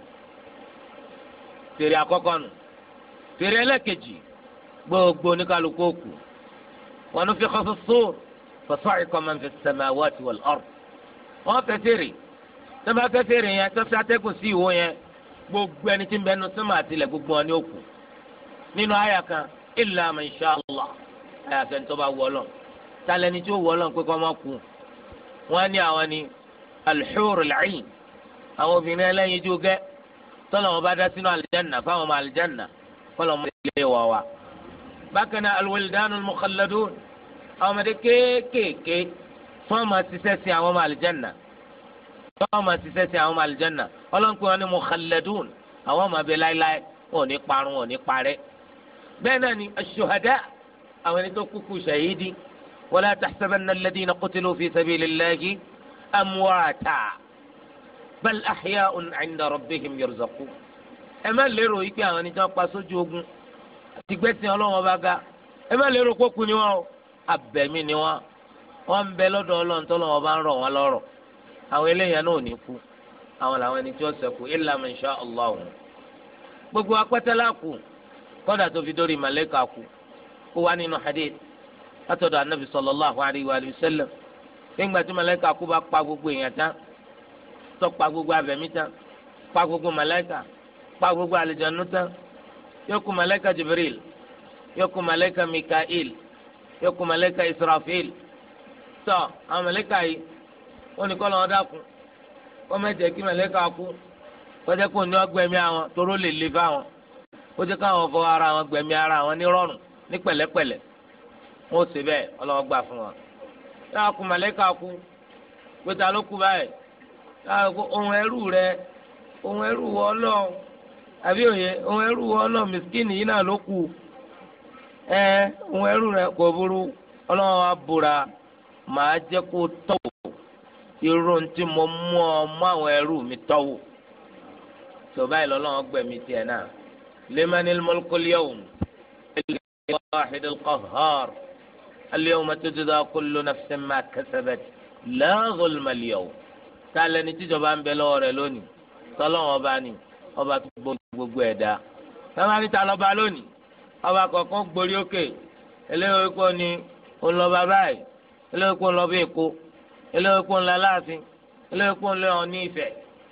fèrè àkọ́kọ́ nù fèrè ẹlẹ́kejì gbogbo oníkàlùkù òkú wọn ló fi kọ́sọ́ sóòrò fasa'iqa man fi samawati wal ard wọn fẹ́ fèrè tó fẹ́ fèrè yẹn tó atẹ́kùn sí ìwọ yẹn gbogbo ẹni tí ń bẹnu sọ́mà àtìlẹ̀ gbogbo wọn ni òkú nínú àyà kan illa man sha Allah àyà kan tó bá wọlọ talẹni tó wọlọ pé kọ́ máa kú wọn ní àwọn ni al-hurul ayn àwọn obìnrin ẹlẹ́yin tó gẹ́ tọ́lọ̀ wọn bá dá sínú alìjánná fáwọn ọmọ alìjánná kọ́lọ̀ wọn lè wà wá. bákan náà al-wildanul mukhalladun àwọn ọmọdé kéékèèké fún ọmọ àtisẹ́ sí àwọn ọmọ alìjánná fún ọmọ àtisẹ́ sí àwọn ọmọ alìjánná ọlọ́nkùn wọn ni mukhalladun àwọn ọmọ abẹ láéláé wọn ò ní parun wọn ò ní parẹ́ bẹ́ẹ̀ náà ni aṣọhadá àwọn ẹni tó kúkú ṣàyídì wala tahsabanna alladhina qutilu fi sabilillahi amwata bal ahya'un 'inda rabbihim yarzuqun ẹ má lérò wípé àwọn ẹni tó pa sójú ogun àti gbẹ́sìn ọlọ́wọ́n bá ga ẹ má lérò kókù ni wọn o abẹ̀mí ni wọn wọn ń bẹ lọ́dọ̀ ọlọ́run tó lọ́wọ́ bá ń rọ̀ wọn lọ́rọ̀ àwọn eléyàn náà ò ní kú àwọn làwọn ẹni tí wọ́n sẹ́kù illa man sha Allah gbogbo apẹ́tẹ́lá kù kódà tó fi dórí màlẹ́kà kú ó wá nínú hadith látọ̀dọ̀ anabi sallallahu alayhi wa sallam nígbà tí màlẹ́kà kú bá pa gbogbo èèyàn tán tó pa gbogbo abẹ̀mí tán pa gbogbo màlẹ́kà pa gbogbo àlejànú tán yóò kù màlẹ́kà jibril yóò kù màlẹ́kà mikael yóò kù màlẹ́kà israfil tọ́ àwọn màlẹ́kà yìí ó ní kọ́lọ́ ọ̀dà kù ó mẹ́jẹ̀ kí màlẹ́kà kú kọjá kó ní ọgbẹ́mí àwọn toró lè le fáwọn. ó jẹ́ káwọn fọ ara wọn gbẹ̀mí ara wọn nírọ̀rùn ní pẹ̀lẹ́pẹ̀lẹ́ wọn ò ṣe bẹ́ẹ̀ ọlọ́wọ́ gbà fún wọn. táwọn kù màlẹ́kà kú pé ohun ẹrú rẹ ohun ẹrú wọ ọlọ́run àbí òye ohun ẹrú wọ mìsíkìnì yìí náà ohun ẹrú rẹ kò burú ọlọ́run wa bùra màá jẹ́ kó irú tí mo mú àwọn ẹrú mi tó báyìí gbẹ̀mí tiẹ̀ náà. لمن الملك اليوم الواحد القهار اليوم تجزى كل نفس ما كسبت لا ظلم اليوم تعالى نتيجة بان بلوري لوني صلى وباني ọba tó gbogbo ẹ̀dá sábàbí ta lọ́ba lónìí ọba kọ̀ọ̀kan gborí òkè eléyìí kò ní olọ́ba báyìí eléyìí kò lọ́ba èkó eléyìí kò ńlá láàfin eléyìí kò ńlá ọ̀ní ìfẹ́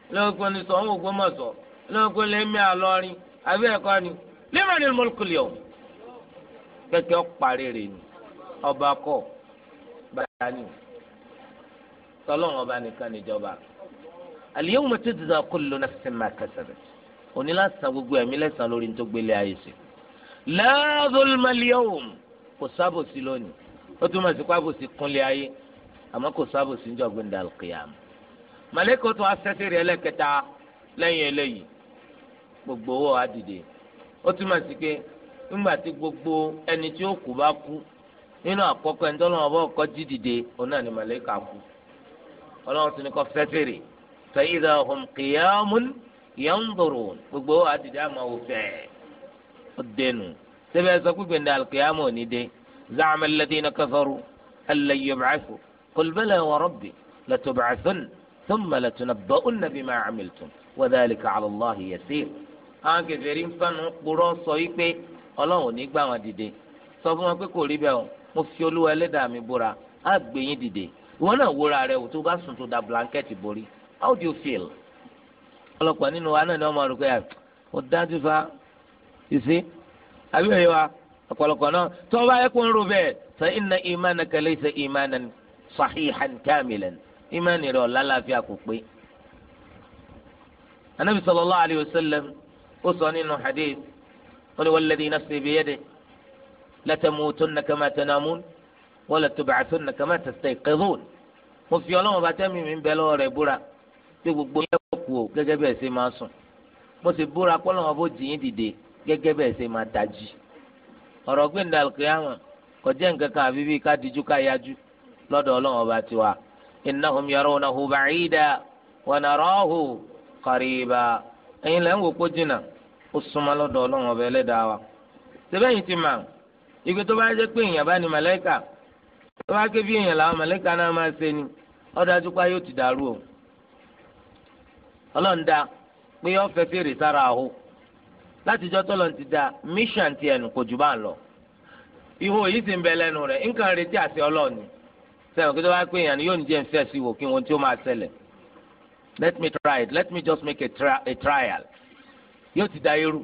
eléyìí kò ní sọ̀hún ògbómọ̀ṣọ́ eléyìí kò lẹ́mí àlọ́rin àbí ẹ̀kọ́ ni liman al-mulku al-yawm kẹ̀kẹ́ ọ̀parí rẹ̀ ni ọba kọ̀ bàtà ni tọ́lọ́run ọba nìkan níjọba al-yawma tujza kullu nafsin ma kasabat onílàsàn gbogbo ẹ̀mí lẹ́sàn lórí ní tó gbélé ayé sí la zulma al-yawm kò sábòsí lónìí ó túmọ̀ sí pábòsí kúnlé ayé àmọ́ kò sábòsí níjọ́ gbẹ̀ndà al màlẹ́kọ̀ọ́ tó aṣẹ́sẹ̀ rẹ̀ ẹlẹ́kẹta lẹ́yìn eléyìí gbogbo owó wa dìde ó túmọ̀ sí pé nígbà tí gbogbo ẹni tí ó kú bá kú nínú àkọ́kọ́ ẹni tó lọ́wọ́ bọ́ kọ́ jí dìde òun náà ni màlẹ́kà kú ọlọ́run ti ní kọ́ fẹ́fẹ́rì fa idha hum qiyamun yanzurun gbogbo owó wa dìde àmọ́ wò fẹ́ ó dénú sẹ́fẹ̀ sọ pé gbẹ̀ndẹ̀ al-qiyamah ò ní dé za'ama alladhina kafaru allan yub'athu qul bala wa rabbi latub'athunna thumma latunabba'unna àwọn kẹfẹ́rí ń fanu kpọ́rọ́ sọ yìí pé ọlọ́run ò ní gbà wọn dìde sọ fún wọn pé kò rí bẹ́ẹ̀ o mo fi olúwa ẹlẹ́dàá mi búra á gbé yín dìde ìwọ náà wúra rẹ o tó bá sùn tó da blanketi borí how do you feel. ọlọ́pàá nínú wa náà ni wọ́n máa rò pé ó ah, dájú fa ìsí àbí ẹ̀yọ́ wa ọ̀pọ̀lọpọ̀ náà tó bá yẹ kó ń ro bẹ́ẹ̀ fa inna imanaka laysa imanan sahihan kamilan ìmánì rẹ̀ ọ̀lá láàfin àkùpé. anabi sallallahu alayhi wa sallam ó sọ nínú hadith ó ní walladhi nafsi biyadihi latamutunna kama tanamun wa latub'athunna kama tastayqidhun mo fi ọlọ́run bá tẹ́mi mi ń bẹ lọ́wọ́ rẹ̀ búra pé gbogbo yẹn kú o gẹ́gẹ́ bẹ́ẹ̀ ṣe máa sùn mo sì búra pọ́lọ́wọ́n bó jì yín dìde gẹ́gẹ́ bẹ́ẹ̀ ṣe máa tají ọ̀rọ̀ gbẹ̀ndà alkiyama kò jẹ́ nǹkan kan àbí bíi ká dijú ká yájú lọ́dọ̀ ẹ̀yin lẹ́ ń wò pé jìnnà ó súnmọ́ lọ́dọ̀ ọlọ́run ọba ẹlẹ́dàá wa sẹ́bẹ̀yìn ti mà ìgbé tó bá jẹ́ pé èèyàn bá ní màlẹ́kà tó bá ké ni ọ̀dájú pa yóò ti dàrú o ọlọ́run dá pé yọ fẹ́ fèrè sára àhó látijọ́ tó ti lọ ihò yìí sì ń bẹ rẹ̀ nǹkan retí àti ni kí tó bá pé èèyàn ni yóò ní let me try it let me just make a, tri a trial yóò ti da irú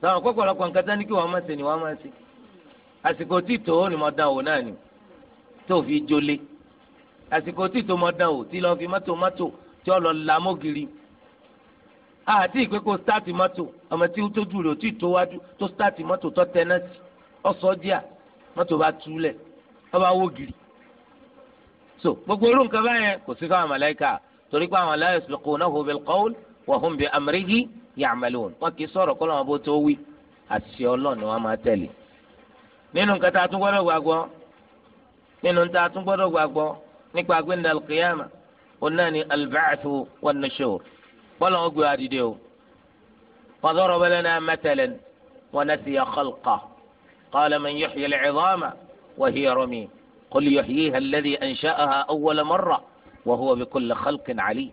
táwọn kọ́kọ́lọ́kọ́ nǹkan tán ní kí wọ́n máa ṣe ni wọ́n máa ṣe àsìkò tí tó ni mo dán wò náà ni tó fi jolé àsìkò tí tó mo dán wò tí lọ́ọ́ fi mọ́tò mọ́tò tí ó lọ la mọ́gìrì àti ìpè kó sítáàtì mọ́tò ọmọ tí ó tójú rẹ̀ tí tó wájú tó sítáàtì mọ́tò tó tẹ́nẹ́sì ọ̀sọ́ díà mọ́tò bá túlẹ̀ ọba wó gìrì so gbogbo irú nǹkan báyẹn kò sí fáwọn màláíkà torí pé àwọn la yasbiqunahu bil qawl wa hum bi amrihi ya'malun wọn kì í sọ̀rọ̀ kọ́ lọ́wọ́ bó tó wí àṣìṣe ọlọ́run ni wọ́n máa tẹ̀lé nínú nǹkan tá a tún gbọ́dọ̀ gbàgbọ́ nínú tá a tún gbọ́dọ̀ gbàgbọ́ nípa gbẹ̀ndà al-qiyama òun náà ni al-ba'thu wan-nushur bọ́lá wọn gbé adìde o wa daraba lana matalan wa nasiya khalqahu qala man yuhyi al-'idhama wa hiya ramim qul yuhyiha alladhi ansha'aha awwala marra wa huwa bi kulli khalqin alim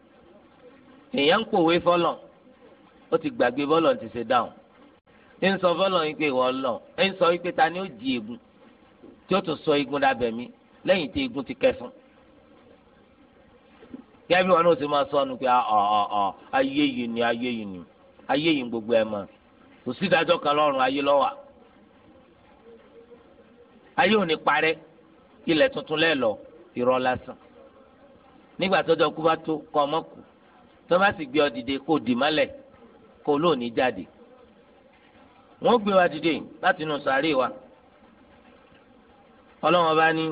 èèyàn ń pòwe fọlọ ó ti gbàgbé bọlọ ti ṣe dáhùn ń sọ fọlọ yìí pé ìwọ lọ ń sọ yìí pé ta ni ó di ègún tí ó tún sọ igun dábẹ̀mí lẹ́yìn tí igun ti kẹsùn gẹ́gẹ́ wọn náà ti máa sọ ọ́nù pé ọ̀ọ̀ọ̀ ah, ah, ah, ayé yìí ni ayé yìí ni ayé yìí gbogbo ẹ̀ mọ̀ kò sí ìdájọ́ kan lọ́rùn ayé lọ́wà ayé ò ní parẹ́ ilẹ̀ tuntun lẹ́ẹ̀ lọ irọ́ lásán nígbà tọ́jọ́ kú bá tó kọ́ ọmọ kù tó bá sì gbé ọ dìde kó dì mọ́lẹ̀ kó lóòní jáde wọ́n gbé wa dìde láti inú sàárè wa ọlọ́wọ́n bá ní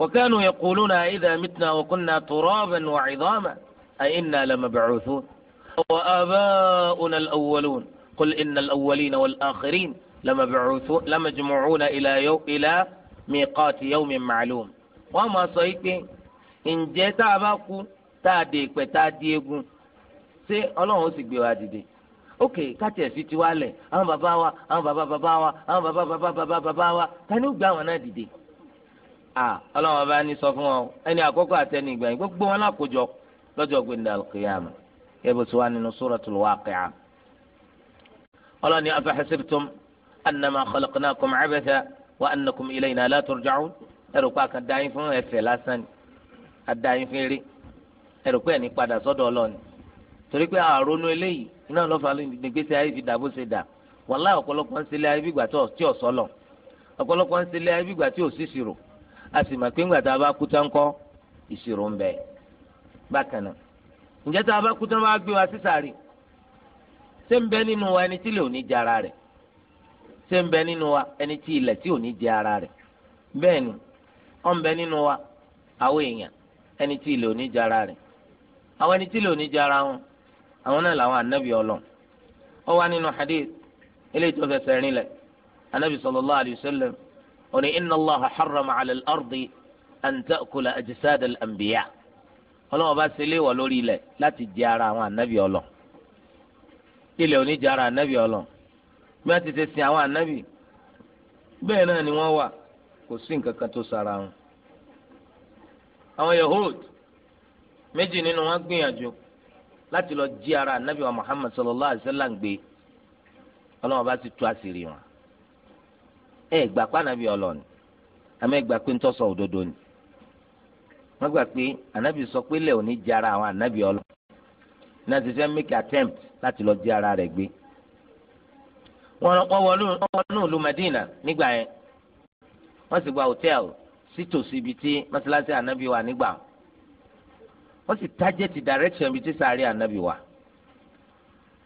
wa kanu yaquluna idha mitna wa kunna turaban wa 'idhaman a inna lamab'uthun wa aba'una al-awwalun qul inna al-awwalina wal-akhirin lamajmu'una ila miqati yawmin ma'lum wọ́n máa sọ yìí pé ǹjẹ́ tá a bá kú tá a dé ìpẹ́ tá a di egun ṣé ọlọ́run ó sì gbé wa dìde ok káti ẹ̀fí ti wá lẹ̀ àwọn bàbá wa àwọn bàbá bàbá wa àwọn bàbá bàbá bàbá bàbá wa ta ni ó gbé àwọn náà dìde. ọlọ́run ọba ní sọ fún wọn ẹni àkọ́kọ́ àtẹni ìgbẹ̀yìn gbogbo wọn lákòjọ lọ́jọ́ gbẹ̀ndà kìyàmù kẹ́bù tí wàá nínú suratul waqi'a. ọlọ́ni afahasibtum annama khalaqnakum abatha wa annakum ilayna la turja'un ẹ̀rù pa kàn dáyín fún ẹ̀fẹ̀ lásán ni adáyín fèrè ẹrù pé ẹni padà sọ́dọ̀ torí pé àrònú eléyìí iná nígbèsè ayé fi ṣe dà ń ayé tí ò ń ayé tí ò sí ìṣirò a sì mà pé ńgbà tá a bá kú tán kọ́ ìṣirò ń bẹ bákan náà ǹjẹ́ tá a bá kú tán gbé wa sísàárì ṣé ń bẹ nínú wa ẹni tí ilẹ̀ ò ní ara rẹ̀ ṣé ń bẹ nínú wa ẹni tí ilẹ̀ tí ò ní ara rẹ̀ bẹ́ẹ̀ ni ọ̀ ẹni tí ilé oníjàra rẹ̀ àwọn ẹni tí ilé oníjàra wọn àwọn náà làwọn anabi ọlọ ọ wá nínú hadith eléyìí tó fẹsẹ̀ rìn lẹ̀ anabi sallallahu alayhi wa sallam ó ní inna allaha harrama ala al-ardi an ta'kula ajsad al-anbiya ọlọ́wọ́n bá ṣe léèwọ̀ lórí ilẹ̀ láti jẹ ara àwọn anabi ọlọ ilẹ̀ oníjàra anabi ọlọ bí wọ́n ti ṣe sin àwọn anabi bẹ́ẹ̀ náà ni wọ́n wà kò sí nǹkan kan tó sara wọn. àwọn yahood méjì nínú wọn gbìyànjú láti lọ jí ara anabi wa muhammad sallallahu alaihi wa sallam gbé ọlọ́wọ́n bá ti tú àṣírí wọn ẹ gbà pé anabi ọlọ́ni àmọ́ ẹ gbà pé ntọ́ sọ òdodo ni wọ́n gbà pé anabi sọ pé lẹ́ẹ̀ òní jara àwọn anabi ọlọ́ni náà ti fẹ́ make attempt láti lọ jí ara rẹ̀ gbé wọ́n wọnú ìlú madina nígbà yẹn wọ́n sì gba hòtẹ́ẹ̀lì sítòsí ibi tí mọ́sálásí ànábì wà nígbà wọ́n sì tájẹ́ ti direction ibi tí sáré ànábì wà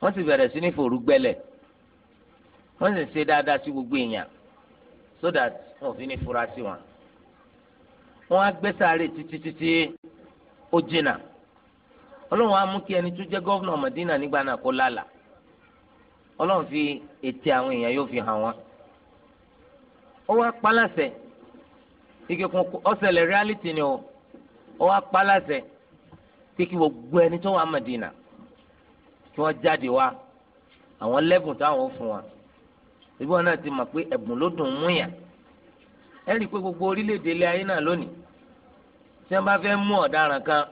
wọ́n sì bẹ̀rẹ̀ sí ní fòrú gbẹ́lẹ̀ wọ́n sì ṣe dáadáa gbogbo èèyàn so that fi ní fura sí wọn. wọ́n á gbé sáré títí títí ó jìnnà ọlọ́run á mú kí ẹni tó jẹ́ gọ́vnà nígbà náà kó lálà ọlọ́run fi ètè àwọn èèyàn yóò fi hàn wọ́n. ó wá ike kun ọsẹlẹ reality ni o ó wá kpalasẹ pé kí gbogbo ẹni tó wà Madina kí wọn jáde wá àwọn lẹ́bùn táwọn fún wa ibi wọn náà ti mọ̀ pé ẹ̀bùn ló dùn mú yàn ẹ rí i pé gbogbo orílẹ̀-èdè ilé ayé náà lónìí tí wọn bá fẹ́ mú ọ̀daràn kan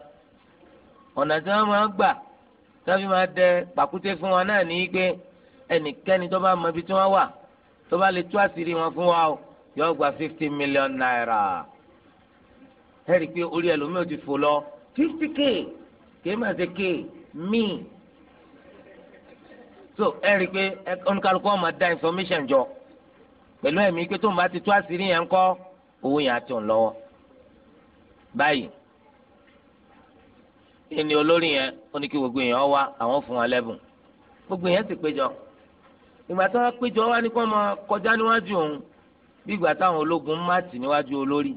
ọ̀nà tí wọn máa gbà tí wọn fi máa dẹ pàkúté fún wa náà ní pé ẹnikẹ́ni tó bá mọ ibi tí wọ́n wà tó bá lè tú àṣírí wọn fún wa o yọ gba fifty million naira ẹ rí i pé orí ẹlòmíì ò ti fò lọ fifty k kìí máa ṣe k míì so ẹ rí i pé oníkálukú ọmọ dá information jọ pẹ̀lú ẹ̀mí pé tó ń bá ti tú àṣírí yẹn ń kọ́ owó yẹn á tún lọ́wọ́ báyìí ẹni olórí yẹn ó ní kí gbogbo èèyàn wá àwọn fún wa lẹ́bùn gbogbo èèyàn sì péjọ ìgbà tó wá péjọ wá ní kó máa kọjá níwájú òun bí ìgbà táwọn ológun máàtì níwájú olórí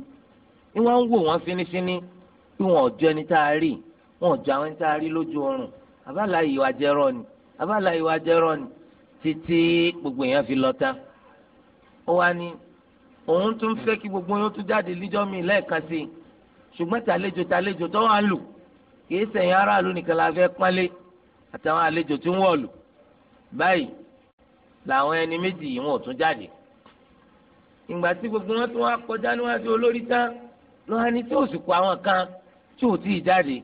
ni wọ́n ń wò wọ́n fínífíní bí wọ́n ò jọ ẹni tá a rí wọ́n ò jọ àwọn ẹni tá a rí lójú oorun abala ìwà jẹrọ ni abala ìwà jẹrọ ni títí gbogbo èèyàn fi lọ tán ó wá ní òun tún fẹ́ kí gbogbo yóò tún jáde líjọ́ mi lẹ́ẹ̀kan sí i ṣùgbọ́n tàlejò tàlejò tó wà lù kìí sẹ̀yìn aráàlú nìkan la fẹ́ pọ́nlé àtàwọn àlejò tí ń wọ̀ lù báyìí làwọn ẹni méjì yìí wọn ò tún jáde ìgbà tí gbogbo wọn tún wá kọjá níwájú olórí tán lọ́wọ́ ni tí ò sì kó àwọn kan tí ò tí ì jáde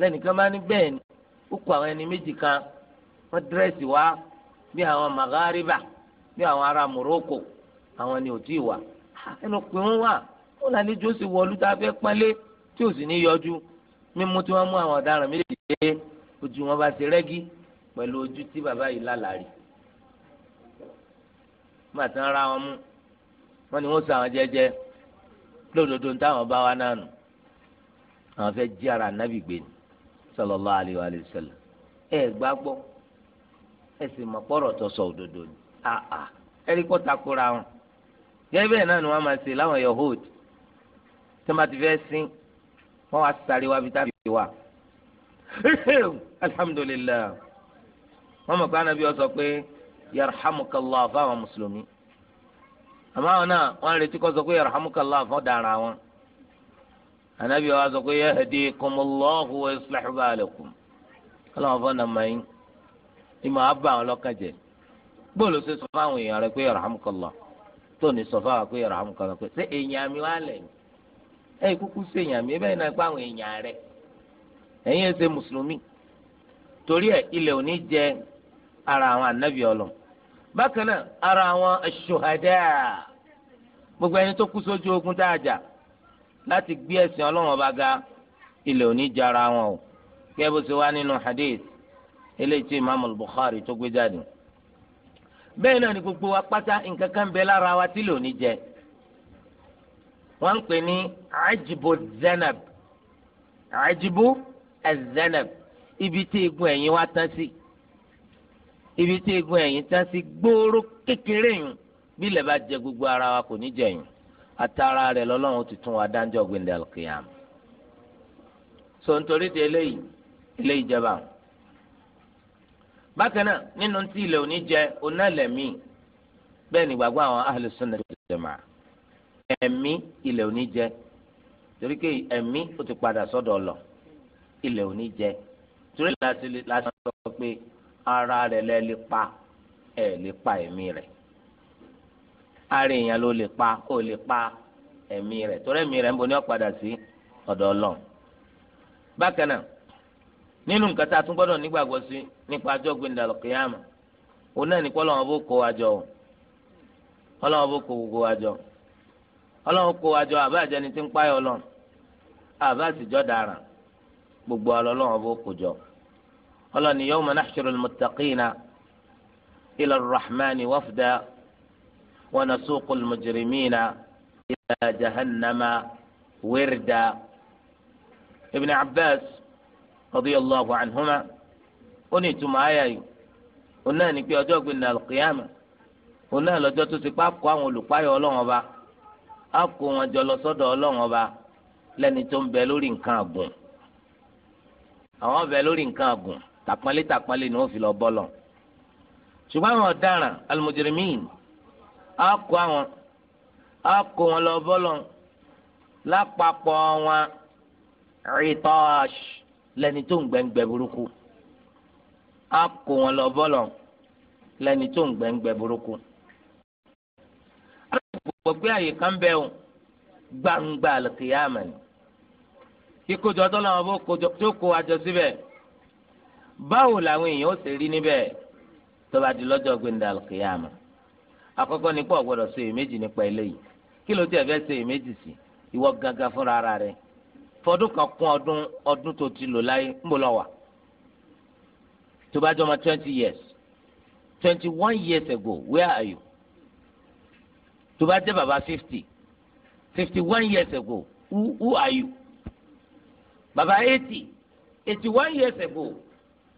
lẹ́nìkan bá ní bẹ́ẹ̀ ni ó kó àwọn ẹni méjì kan wọ́n dírẹ́sì wá bí àwọn magariba bí àwọn ará Morocco àwọn ni ò tí ì wá ẹnu pé wọ́n wà ó lálejò sì wọlú tá a fẹ́ pọ́nlé tí ò sì ní yọjú mímú tí wọ́n mú àwọn ọ̀daràn méjèèjì dé ojú wọn bá ti rẹ́gí pẹ̀lú ojú tí bàbá yìí lálàá rí màtí ń ra wọn mú wọ́n ní wọ́n sọ àwọn jẹ́jẹ́ lódodo ń táwọn bá wa náà nù àwọn fẹ́ jí ara nábì gbé ni sallallahu alaihi wa sallam ẹ gbàgbọ́ ẹ sì mọ̀ pọ̀rọ̀ tó sọ òdodo ni àà ẹ̀rí kó takora wọn gẹ́gẹ́ bẹ́ẹ̀ náà ni wọ́n máa ṣe láwọn yahood tí wọ́n bá ti fẹ́ sin wọ́n wá sáré wá bí tábìlì wà alhamdulilayi wọ́n mọ̀ pé anabi ọ sọ pé yarhamukallah fáwọn mùsùlùmí. àmọ́ àwọn náà wọ́n á retí kó sọ pé yarhamukallah fún dara wọn anabi wa sọ pé yahdikumullahu wa yuslihu balakum ọlọ́wọ́n fún ọ̀nà mayin ìmọ̀ abá àwọn ọlọ́kàn gbọ́dọ̀ ṣe sọ fáwọn èèyàn rẹ pé yarhamukallah tó ní sọ fáwọn pé pé ṣé èèyàn mi kúkú èèyàn mi bẹ́ẹ̀ náà àwọn èèyàn rẹ mùsùlùmí torí ẹ̀ ilẹ̀ òní jẹ ara àwọn anabi bákan náà ara àwọn aṣòhadà gbogbo ẹni tó kú sójú ogun dáadáa láti gbé ẹ̀sìn ọlọ́run ọba ga ilẹ̀ òní jara wọn o kẹ́ bó ṣe wá nínú hadith eléyìí tí imaamu bukhari tó gbé jáde bẹ́ẹ̀ náà ni gbogbo wa nǹkan kan bẹ lára wa tí lòní jẹ wọ́n ń pè ní ajibu zanab ajibu zanab ibi tí egun ẹ̀yìn wa tán sí. Si ibi tí egun ẹ̀yìn tá sí gbòòrò kékeré yùn bí ilẹ̀ bá jẹ gbogbo ara wa kò ní jẹ yùn àtàrà rẹ̀ lọ́lọ́run ti tún wa dáńjọ́ gbẹ̀ndẹ̀ alkiyam. so nítorí ti eléyìí eléyìí jẹba bákan náà nínú tí ilẹ̀ òní jẹ onálẹ̀mí bẹ́ẹ̀ ni gbàgbọ́ àwọn ahlu sunnah ti jẹ màá ẹ̀mí ilẹ̀ òní jẹ torí pé ẹ̀mí ó ti padà sọ́dọ̀ ọlọ ilẹ̀ òní jẹ torí láti sọ pé. ara rẹ̀ lẹ lè pa ẹ lè pa ẹ̀mí rẹ̀ ara èèyàn ló lè pa ó lè pa ẹ̀mí rẹ̀ torí rẹ̀ ń bo ní sí ọ̀dọ̀ ọlọ́run bákan náà nínú nǹkan tá a tún gbọ́dọ̀ nígbàgbọ́ sí nípa ajọ́ gbẹ̀ndàlọ́ kìyàmù òun náà ní bó kó o ọlọ́wọ́ bó kó gbogbo ọlọ́ni yawma nahshuru al-muttaqina ila ar-rahmani wafda wa nasuqu al-mujrimina ila jahannama wirda. ibn abbas radiyallahu anhuma ó ní ìtumọ̀ ayà yìí òun náà ní pé ọjọ́ gbìnà al-qiyama òun náà lọ́jọ́ tó ti pa kó àwọn olùpáyọ̀ ọlọ́run ọba á kó wọn jọ lọ sọ́dọ̀ ọlọ́run ọba lẹ́ni tó ń bẹ lórí nǹkan àgùn àwọn bẹ lórí nǹkan àgùn tàpọ́nlé tàpọ́nlé ni wọ́n fi lọ bọ́lọ̀ ṣùgbọ́n àwọn ọ̀daràn al-mujrimin á kó àwọn á kó wọn lọ bọ́lọ̀ lápapọ̀ wọn rìtọ́ọ̀ṣ lẹ́ni tó ń gbẹ̀ngbẹ̀ burúkú á kó wọn lọ bọ́lọ̀ lẹ́ni tó ń gbẹ̀ngbẹ̀ burúkú. alágbègbè pé àyè kan bẹ́ẹ̀ o gbangba al-qiyamah ni kíkójọ tó làwọn bó kójọ tó kó àjọ síbẹ̀ báwo làwọn èèyàn ó ṣe rí níbẹ̀ tó bá di lọ́jọ́ gbẹ̀ndàlù kìyàmù àkọ́kọ́ ní pọ̀ gbọ́dọ̀ ṣe èméjì nípa eléyìí kí ló tiẹ̀ fẹ́ ṣe èméjì sí ìwọ gangan fúnra ara rẹ fọdún kan kún ọdún ọdún tó ti lò láyé ń bọ̀ lọ́wà tó bá jọmọ twenty years twenty one years ago where are you tó bá jẹ́ bàbá fifty fifty one years ago who, who are you bàbá eighty eighty one years ago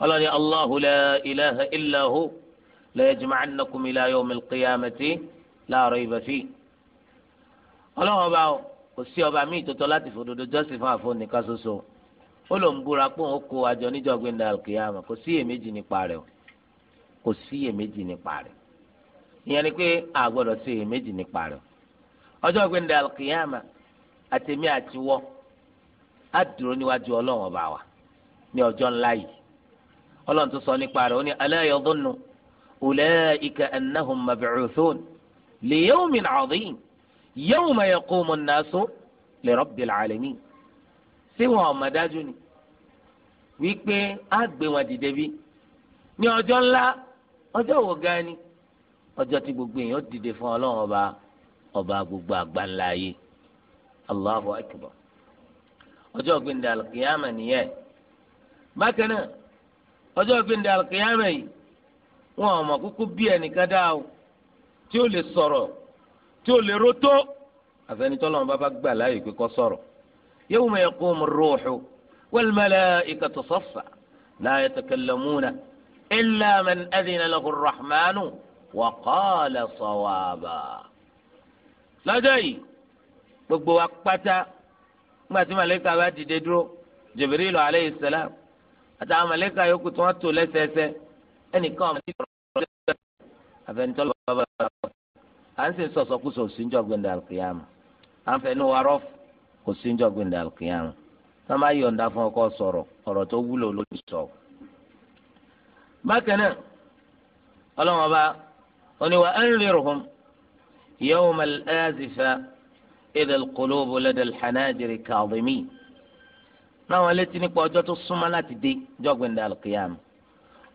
ọlọ́ni allahu la ilaha illa hu la yajma'annakum ila yawmil qiyamati la rayba fi ọlọ́run ọba kò sí ọba míì tó tọ́ láti fòdodo jọ́sìn fún àfọ̀nìkan ṣoṣo ó ló ń búra pé òun kó alkiyama kò sí alkiyama á dúró níwájú ọba wa ọlọ́run tó sọ nípa rẹ̀ ó ní ala yadhunnu ulaika annahum mab'uthun li yawmin 'adhim yawma yaqumu an-nasu li rabbil 'alamin. ṣé wọn ò mọ̀ dájú ni wípé á gbé wọn dìde bí ní ọjọ́ ńlá ọjọ́ wo gan ni ọjọ́ tí gbogbo èèyàn dìde fún ọlọ́run ọba ọba gbogbo àgbáńlá ayé Allahu akbar ọjọ́ gbẹ̀ndàlùkìyàmà nìyẹn bákan náà ọjọ́ gbẹ̀ndẹ̀ àlùkìyàmẹ̀ yìí wọn ò mọ̀ kúkú bí ẹnìkan dá o tí ó lè sọ̀rọ̀ tí ó lè rótó àfẹnitọ́ lọ́wọ́ bá bá gbà láàyè pé kó sọ̀rọ̀ yawma yaqumu ar-ruhu wal mala'ikatu saffa la yatakallamuna illa man adhina lahu ar-rahmanu wa qala sawaba. lọ́jọ́ yìí gbogbo wa pátá ńgbà tí màlẹ́kà bá dìde dúró Jibrilu alayhi salam àtàwọn mọ̀lẹ́kà yòókù tí wọ́n tó lẹ́sẹẹsẹ ẹnìkan ọmọ ìgbà rẹ̀ àfẹnitọ́ lọ́wọ́ bá bá bá à ń sì sọ̀sọ̀ kú sọ̀sọ̀ síjọ́ gbẹ̀ndà àlùkìyàmù à ń fẹnu wa rọ́f kò síjọ́ gbẹ̀ndà àlùkìyàmù tá a yọ̀ǹda fún ọkọ sọ̀rọ̀ ọ̀rọ̀ tó wúlò ló sọ. bákan náà ọlọ́wọ́n bá oníwà anzirhum yawmal azifa idhal qulubu ladal hanajiri kadhimin láwọn létí nípa ọjọ́ tó súnmọ́ láti dé ọjọ́ gbẹ̀ndà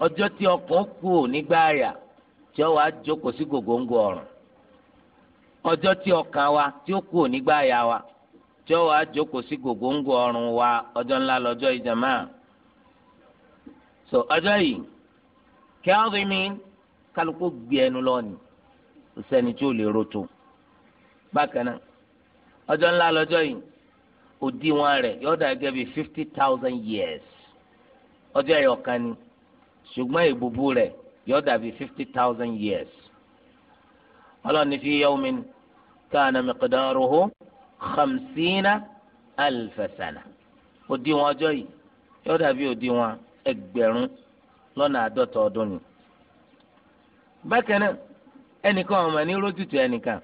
ọjọ́ tí ọkàn kú nígbà àyà tí sí gògóńgò ọjọ́ tí ọkàn wa tí ó kú ò nígbà àyà wa tí sí gògóńgò wa ọjọ́ ńlá lọ́jọ́ ìjàmá so ọjọ́ yìí kẹ́hìn mi kálukú gbé ẹnu lọ́ọ̀nì sẹ́ni tí ò lè roto bákan náà ọjọ́ ńlá lọ́jọ́ òdiwọ̀n rẹ̀ yóò dà gẹ́gẹ́ fifty thousand years ọjọ́ ẹ̀yọ̀ ni ṣùgbọ́n ìbùbù rẹ̀ yóò dà bíi fifty thousand years ọlọ́ni fi yawmin kana miqdaruhu khamsina alfa sana òdiwọ̀n ọjọ́ yìí yóò dà bíi òdiwọ̀n ẹgbẹ̀rún lọ́nà àádọ́ta ọdún ni bákan náà ẹnìkan ọmọ ní rójútùú ẹnìkan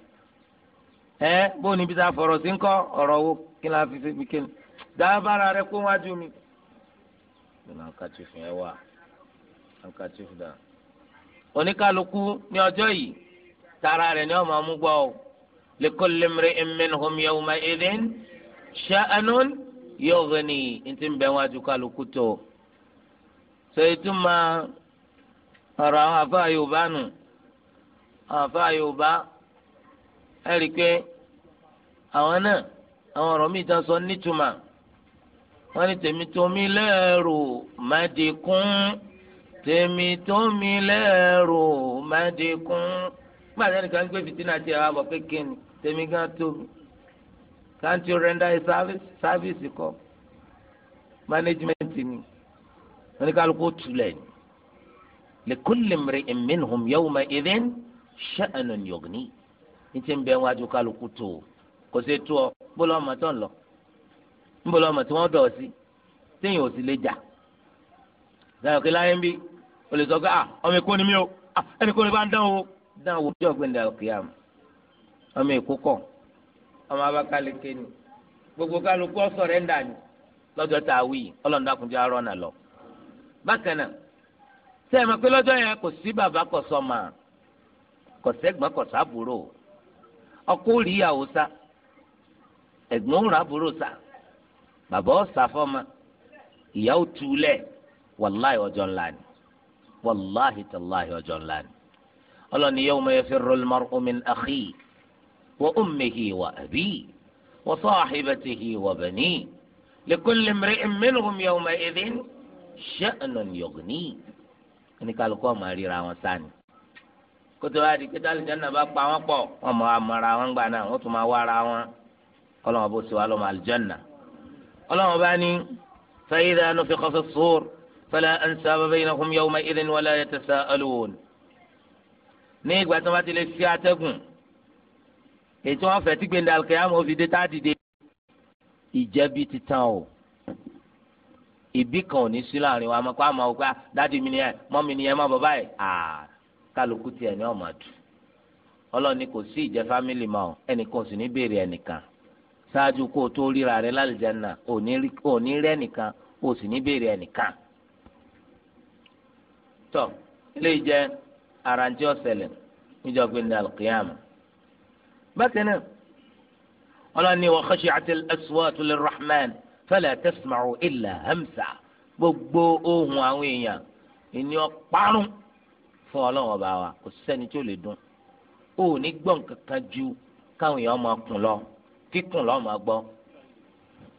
ẹ bó níbi tá a sí ń wo kí la fi ṣe kí ni dábàrà rẹ kó wájú mi. nínú handkerchief yẹn wà handkerchief dà. oníkàlùkù ní ọjọ́ yìí tara rẹ̀ ni wọ́n máa mú gbọ́ ọ. likulli imri'in minhum yawma idhin sha'nun yughni ntí ń bẹ wájú kàlùkù tó. sọ ìtumọ̀ ọ̀rọ̀ àwọn àfa yorùbá nù àwọn àfa yorùbá ẹ̀rí pé àwọn náà àwọn ọ̀rọ̀ mi ìtàn sọ nítumà wọ́n ní tèmi tó mi lẹ́rù má di kún tèmi tó mi lẹ́rù má di kún gbàdé nìkan gbé fìtínà tí a wà bọ̀ pé kéènì tèmi gan tó can't you render a service service kọ́ management ni wọ́n ní kálukú tulẹ̀ ni likulli mri'in minhum yawma idhin sha'nun yughni ní ti ń bẹ́ẹ̀ wájú kálukú tó o kò ṣe tú ọ bólú ọmọ tó ń lọ níbo lọmọ tí wọn dọ̀ ọ sí téèyàn ò sì lè jà dáyọ̀ kí láyé ń bí o lè sọ pé à ah, ọmọ èkó ni mí o ẹnì kó ni bá ń dán o dán o jọ gbẹ̀ndà òkè àmọ́ ọmọ èkó kọ̀ ọmọ abákàlẹ́kẹ́ ni gbogbo kálukú ọ̀sọ̀ rẹ̀ ń dà ní lọ́jọ́ tá a wí ọlọ́ọ̀dàkùnjẹ́ arọ́ nà lọ. bákan náà sẹ́yìn mọ̀ pé lọ́jọ́ yẹn kò sí bàbá kọ̀ sọ́mà kọ̀ sẹ́gbọ́n ọkọ rí ìyàwó sá ẹ̀gbọ́n òun àbúrò sá bàbá ọ̀sà fọ́mà ìyá ò túlẹ̀ wàláhì ọjọ́ ńlá ni wàláhì tàláhì ọjọ́ ńlá ni ọlọ́ni yawma yafirru al-mar'u min akhihi wa ummihi wa abihi wa sahibatihi wa banihi likulli imri'in minhum yawma idhin sha'nun yughnihi oníkàlùkọ́ máa ríra wọn sáni kótó wa di kí tálíjà náà pa wọn pọ̀ wọn mọ àmọ́ra wọn gbà náà wọn tún máa wá ara wọn kọ́lọ́mọ bó ti wà lọ́mọ àlùjánnà ọlọ́mọ bá ní fa idha nufikha fi s-sur fala ansaba baynahum yawma idhin wala yatasa'alun ní ìgbà tí wọ́n ti lè fi atẹ́gùn ètò wọn fẹ́ tí gbẹ̀ndà alùkẹ́yàmù ó fi dé tá a dìde ìjẹ́bi ti tán o ìbí kan ò ní sí láàrin wa kó a máa wò pé ah, dáàdi mi nìyẹn mọ́mí nìyẹn má bàbá yìí kálukú tiẹ̀ ní ọ̀mà ọlọ́ni kò sí ìjẹ́ fámìlì mọ́ ẹnìkan sì ní béèrè ẹnìkan ṣáájú kó o tó ríra rẹ lálùjáná ò ní rẹ nìkan o sì ní béèrè ẹnìkan. tọ́ ilé jẹ́ arantí ọ̀sẹ̀lẹ̀ níjọba ní alqiyama. bákan náà ọlọ́ni wa khashi'at al-aswatu lir-rahman fala tasma'u illa hamsa gbogbo ohun àwọn èèyàn ènìyàn parun fún ọlọ́run ọba wa kò sẹ́ni tí lè dún ó ní gbọ̀n kankan ju káwọn èèyàn máa kùn lọ kíkùn lọ́ọ́ máa gbọ́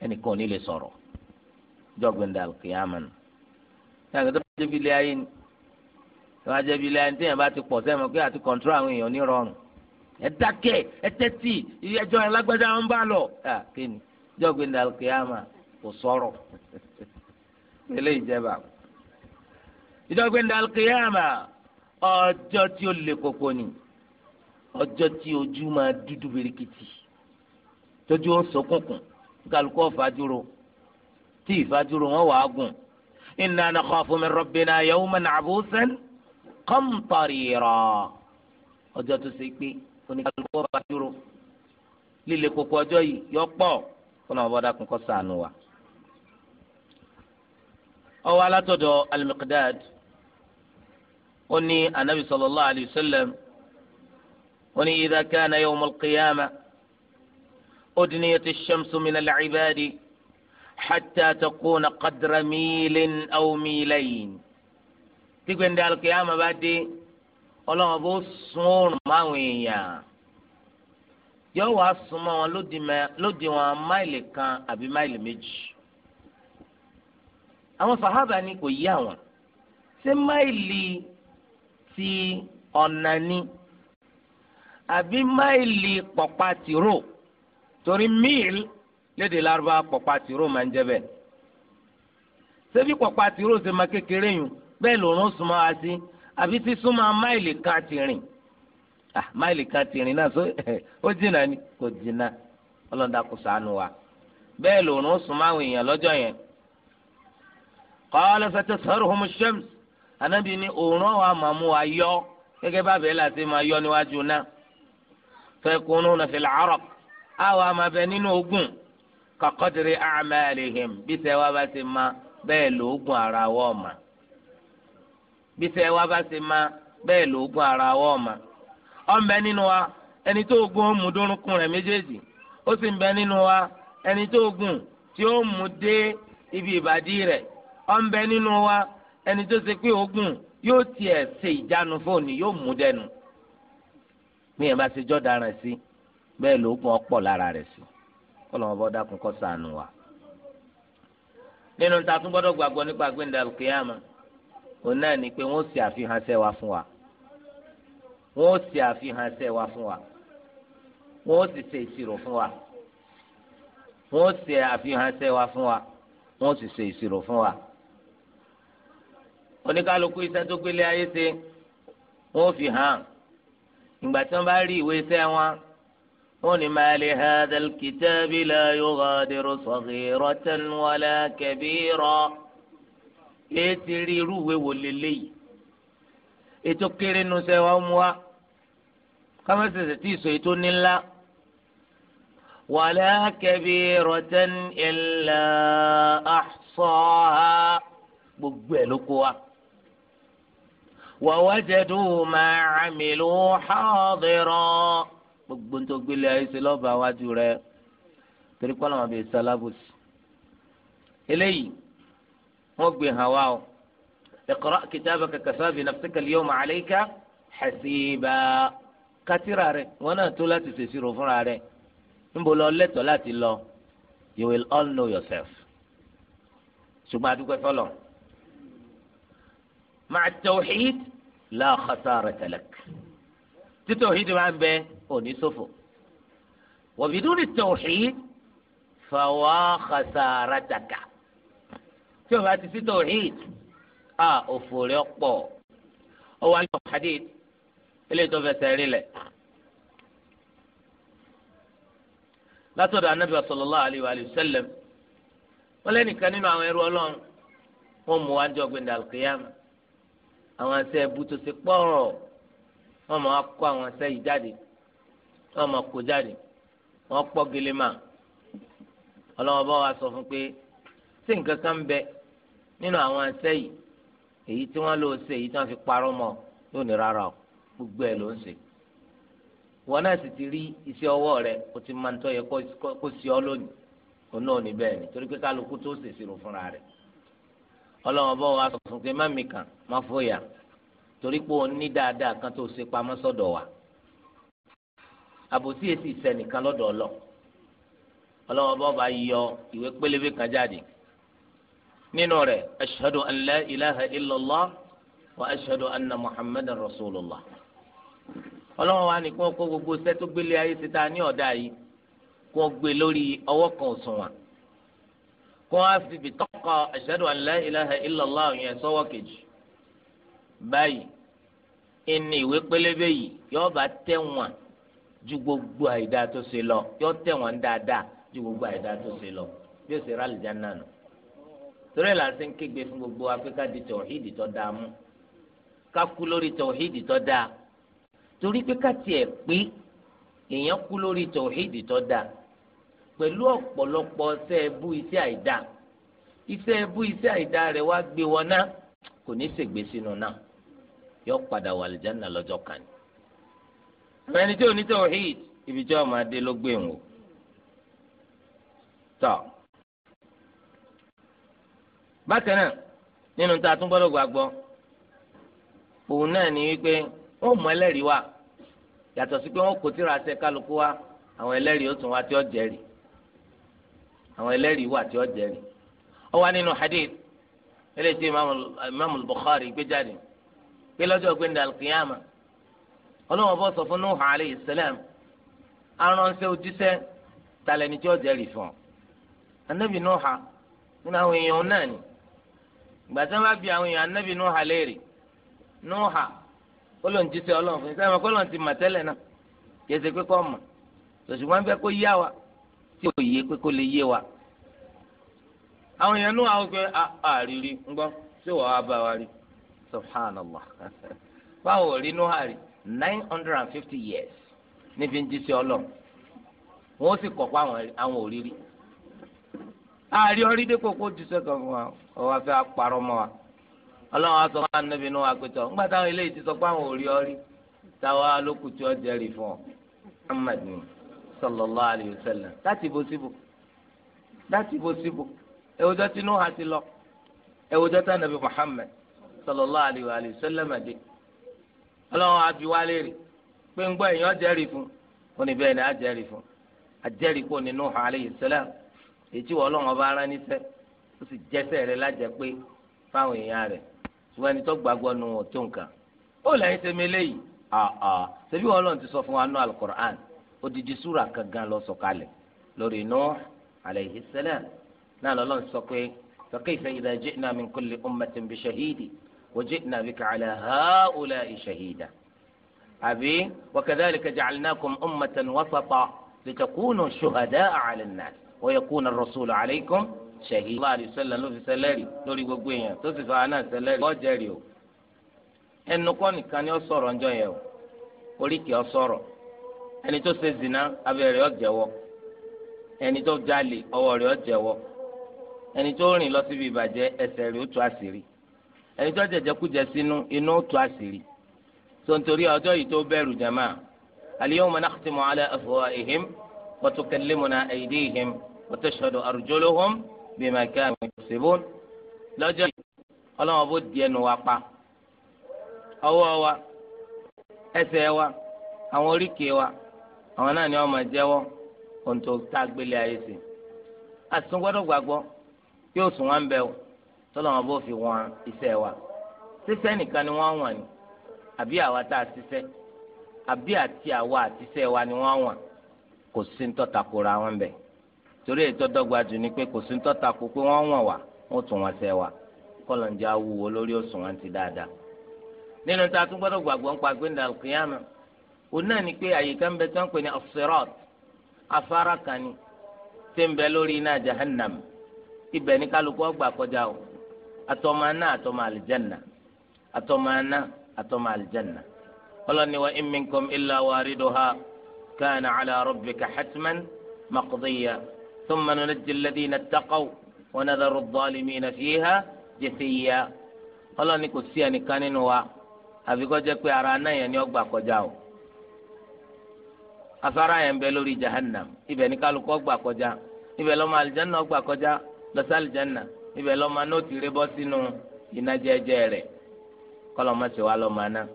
ẹnìkan ò ní lè sọ̀rọ̀ jọ́gbìndà kìámà nù. táwọn tó bá jẹ́ bí ilé ayé ni tó bá jẹ́ bí ayé ni téèyàn bá ti pọ̀ sẹ́mu pé àti kọ̀ǹtúrọ̀ àwọn èèyàn ní rọrùn. ẹ dákẹ́ ẹ tẹ́tì ìyẹjọ́ yẹn lágbájá ń bá lọ. kíni jọ́gbìndà kìámà kò sọ̀rọ̀ eléyìí jẹba. ìjọ́gbìndà kìámà ọjọ́ tí ó le koko ni ọjọ́ tí ojú máa dúdú birikiti tójú ó ṣókùnkùn kálukú ọ̀fàdúró tí ìfàdúró wọn wàá gùn. inna nakhafu min rabbina yawman abusan qamtarira ọjọ́ tó ṣe pé oníkálukú ọ̀fàdúró líle koko ọjọ́ yìí yọ pọ̀ fúnà ọ̀bọ̀dà kún kọ́ sànù wa. ọwọ́ alátọ̀dọ̀ al-Miqdad ó ní anabi sallallahu alayhi wa ó ní idha kana yawmul qiyamah. أدنيت الشمس من العباد حتى تكون قدر ميل أو ميلين تقول عند القيامة بعد الله أبو سور ماوية yóò wá súnmọ́ wọn lóde wọn máìlì kan àbí máìlì méjì àwọn sàhábà ni kò yí àwọn ṣé máìlì ti ọ̀nà ni àbí máìlì pọ̀pá tìró torí míìl léde lárúbá pọ̀pá tìró máa ń jẹ́ bẹ́ẹ̀ ṣebí pọ̀pá tìró ṣe máa kékeré yùn bẹ́ẹ̀ lòrùn súnmọ́ wa sí àbí tí súnmọ́ máìlì kan ti rìn ah, máìlì kan ti rìn náà ó jìnnà ni kò jìnnà ọlọ́dà kò sànù wa bẹ́ẹ̀ lòrùn súnmọ́ àwọn èèyàn lọ́jọ́ yẹn qala satasharuhum ash-shams anábì ní òórùn wa máa mú wa yọ gẹ́gẹ́ bá bẹ́ẹ̀ láti máa yọ níwájú náà fayakununa fil araq àwọn amabẹ nínú ogun kakọdiri amalihim bísẹ wa bá ma bẹ́ẹ̀ lóògùn ara ma wa ma bẹ́ẹ̀ lóògùn ara ma nínú wa ẹni tó ogun o mu méjèèjì ó sì ń nínú wa ẹni tó ogun tí ó mu dé ibi ìbàdí rẹ̀ ọmọbẹ nínú wa ẹni tó ṣe pé ogun yóò tiẹ̀ ṣe ìjánu fóònù yóò mu dẹnu mi bá sí bẹ́ẹ̀ lóògùn ọ̀pọ̀ lára rẹ̀ sí kọ́lọ́mọ bọ́ dákun kọ́ sànù wa. nínú ta gbọ́dọ̀ gbàgbọ́ nípa gbẹ̀ndà kìyàmù òun náà ni pé wọ́n sì àfihàn sẹ́ wa fún wa wọ́n sì àfihàn sẹ́ wa fún wa wọ́n sì ṣe ìṣirò fún wa wọ́n sì àfihàn sẹ́ wa fún wa wọ́n sì ṣe ìṣirò fún wa. oníkálukú iṣẹ́ tó gbélé ayé ṣe wọ́n fi hàn ìgbà tí wọ́n bá rí ولما لهذا الكتاب لا يغادر صغيرة ولا كبيرة إتري روه وللي يتكر النساء وأموا كما ستتيسو يتون الله ولا كبيرة إلا أحصاها بقبلكوا ووجدوا ما عملوا حاضرا gbogbo tó gbélé ayé ṣe lọ́ba wájú rẹ torí pé ọlọ́mọ bíi sálábùsì eléyìí wọ́n gbé hàn wá o iqra kitabaka kafa bi nafsika al-yawma alayka hasiba rẹ wọn náà tó láti ṣèṣirò fúnra rẹ níbo lọ lẹ́tọ̀ọ́ láti lọ you will all know yourself ṣùgbọ́n adúgbò fọlọ́ ma'a tawhid la khasarata lak tí tawhid máa ń bẹ́ẹ̀ òní ṣòfò wọ̀bìdúrì tòwìí fàwa xasarataka tí o bá ti sí tòwìí a òfò rẹ̀ pọ̀ ọ wà ní hadith ilé tó fẹsẹ̀ rí lẹ̀. látọ̀dọ̀ anabi sallallahu alayhi wa sallam wọ́n lé nìkan nínú àwọn ẹrú ọlọ́run wọ́n mú wájú ọ̀gbìndà alqiyama àwọn ẹsẹ̀ ẹ̀bù tó ti pọ̀ wọ́n mọ̀ á àwọn ẹsẹ̀ yìí jáde. wọn mọ kó jáde wọn pọ gẹlẹmà ọlọmọ bá wa sọ fún pé tí nǹkan kan ń bẹ nínú àwọn ẹsẹ yìí èyí tí wọn lò èyí tí wọn fi parọ́ mọ yóò ní rárá o gbogbo ẹ ló ń ṣe wọn náà sì ti rí ọwọ́ rẹ o ti máa ń tọ yẹ kó sí ọ lónìí ni torí pé kálukú tó fúnra bá wa sọ fún pé má mi kàn má fòyà torí pé òun ní dáadáa kan tó àbòsí èsì ìsẹnìkan lọ́dọ̀ ọlọ ọlọwọ bá ọba yọ ìwé pélébé kan jáde nínú rẹ ashhadu an la ilaha illallah wa ashhadu anna muhammadan rasulullah ọlọwọ wa ni kí kó gbogbo sẹ́tó gbélé ayé ti ní ọ̀dà yìí kí gbé lórí ọwọ́ kan fi yẹn kejì báyìí ìwé pélébé yìí ju gbogbo àìdá tó ṣe lọ yọ tẹ̀ wọ́n dáadáa ju gbogbo àìdá tó ṣe lọ bí ó ṣe rà àlùjánnà nù torí là ń ṣe ń kégbe fún gbogbo afẹ́ká di tọ̀hídì tó dáa mú ká kú lórí tọ̀hídì tó dáa torí pé ká tiẹ̀ pé èèyàn kú lórí tọ̀hídì tó dáa pẹ̀lú ọ̀pọ̀lọpọ̀ iṣẹ́ ẹbú iṣẹ́ àìdá iṣẹ́ ẹbú iṣẹ́ àìdá rẹ̀ wá gbé wọn ná kò ní ṣègbè sínú náà yọ padà wà àlùjánnà lọ́jọ́ kan ni àwọn ẹni tí ò ní tawhid ibi tí ọmọ adé ló gbé wọn tọ bákan náà nínú tá tún gbọ́dọ̀ gbàgbọ́ òun náà ni wípé wọ́n mú ẹlẹ́rìí wá yàtọ̀ sí pé wọ́n kò tíra ṣe kálukú wá àwọn ẹlẹ́rìí ó tún wá tí ó jẹ́rìí àwọn ẹlẹ́rìí wá tí ó jẹ́rìí ó wá nínú hadith eléyìí tí imaamu bukhari gbé jáde pé lọ́jọ́ gbẹ̀ndà alkiyama ọlọ́wọ́n bọ́ sọ fún nuhu alayhi salam aránṣẹ́ ojúṣẹ́ talẹ̀ ní tí ó jẹ́rìí fún ọ. anabi nuha nínú àwọn èèyàn náà ni ìgbà tí wọ́n bá bi àwọn èèyàn anabi nuha léèrè nuha ó lóun jíṣẹ́ ọlọ́run fún sẹ́wọ̀n kó lóun ti mà tẹ́lẹ̀ náà kẹsẹ̀ pé kọ́ mọ̀ tòṣùgbọ́n bẹ́ẹ̀ kó yá wa tí ò yé pé kó lè yé wa. àwọn èèyàn nuha ó pé àrírí ń gbọ́ sí wàá bá wa rí subhanallah báwo rí nuha rí nine hundred and fifty years níbi ń jíṣẹ́ ọlọ́run wọn ó sì kọ̀ pa àwọn òrírí àárí ọrí dépò kó jíṣẹ́ kan fún wa ọwọ́ afẹ́ apàrọ̀ mọ́ wa ọlọ́run á sọ fún anábì níwọ̀n àpètọ́ ńgbà táwọn eléyìí ti sọ pé àwọn òrí ọrí táwa lókù tí ó jẹ́rìí fún ọ Muhammad ni sallallahu alayhi wa sallam láti ibo síbò láti ibo síbò ẹ̀wòjọ́ tinú àti lọ ẹ̀wòjọ́ tánàbí Muhammad sallallahu alayhi wa sallam àdé ọlọ́run á bi wá léèrè pé ń gbọ́ èèyàn jẹ́rìí fún un ó ní bẹ́ẹ̀ ni á jẹ́rìí fún un àjẹ́rìí kò nínú Nuh alayhi salam ètí wọ́n ọlọ́run ọba ara níṣẹ́ ó sì jẹ́sẹ̀ rẹ̀ lájẹ́ pé fáwọn èèyàn rẹ̀ ṣùgbọ́n ẹni tó gbàgbọ́ nu wọn tó nǹkan ó lẹ́yìn tẹ́mi eléyìí àà ṣebí wọn ọlọ́run ti sọ fún wa nú alukur'an odidi súra kankan lọ sọ̀kalẹ̀ lórí Nuh alayhi salam náà lọ́lọ́run sọ pé fa وجئنا بك على هؤلاء شهيدا أبي وكذلك جعلناكم أمة وسطا لتكونوا شهداء على الناس ويكون الرسول عليكم شهيد الله عليه وسلم لو سلالي نوري وقويا توصف أنا سلالي وجاريو إن نكون كان يصور عن جايو وليك يصور أن توصف زنا أبي ريوك جاوو أن جالي أو ريوك جاوو أن تورني لطفي باجي أسر يوتو أسيري ẹni tó jẹjẹkújẹ sínú inú tó àṣírí sontori ọjọ́ yìí tó bẹ̀rù jama al-yawma nakhtimu ala afwahihim wa tukallimuna aydihim wa tashhadu arjuluhum bima kanu yaksibun lọ́jọ́ yìí Ọlọ́run bó di ẹnu wa pa ọwọ́ wa ẹsẹ̀ wa àwọn oríkèé wa àwọn náà ni wọ́n máa jẹ́wọ́ ohun tó tá a gbélé ayé sí i àti tún yóò sùn wọn bẹ o tọ́lọ́ wọn bó fi wọn iṣẹ́ wa ṣíṣẹ́ nìkan ni wọ́n wọ̀n ni àbí àwa tá a ṣiṣẹ́ àbí àti àwa àtiṣẹ́ wa ni wọ́n wọ̀n kò sí ń tọ́ta kóra wọn bẹ̀ torí ètò dọ́gba jù ni pé kò sí ń tọ́ta kó pé wọ́n wọ̀n wá wọ́n tún wọn ṣẹ́ wa kọ́lọ̀ ń jẹ́ awúwo lórí òṣùwọ̀n ti dáadáa nínú tá a tún gbọ́dọ̀ gbàgbọ́ ń pa gbẹ́ndà kìíyàmù òun náà ni pé àyíká ń bẹ tí wọ́n ń pè ní as-sirat afárá kan ni tí ń bẹ lórí iná jahannam ibẹ̀ ní kálukú ọgbà kọjá o àtọmọ aná àtọmọ àlìjánà àtọmọ aná àtọmọ àlìjánà ọlọ́ni wa in minkum illa wariduha kana ala rabbika hatman maqdiya thumma nunajji alladhina ittaqaw wa nadharu adh-dhalimina fiha jithiya ɔlɔdi kò sí ẹnìkan nínú wa àfi kó jẹ́ pé ara aná yẹn ni ó gbà kọjá o koja yẹn bẹ lórí jahannam ibẹ̀ ni kálukú ó gbà kọjá ibẹ̀ lọ́mọ àlìjánà ó gbà kọjá lọ Ibe lọ́mọ náà ti rébọ́ sínú iná jẹ́jẹ́ rẹ̀ kọ́lọ́ má ṣe wá lọ́mọ náà.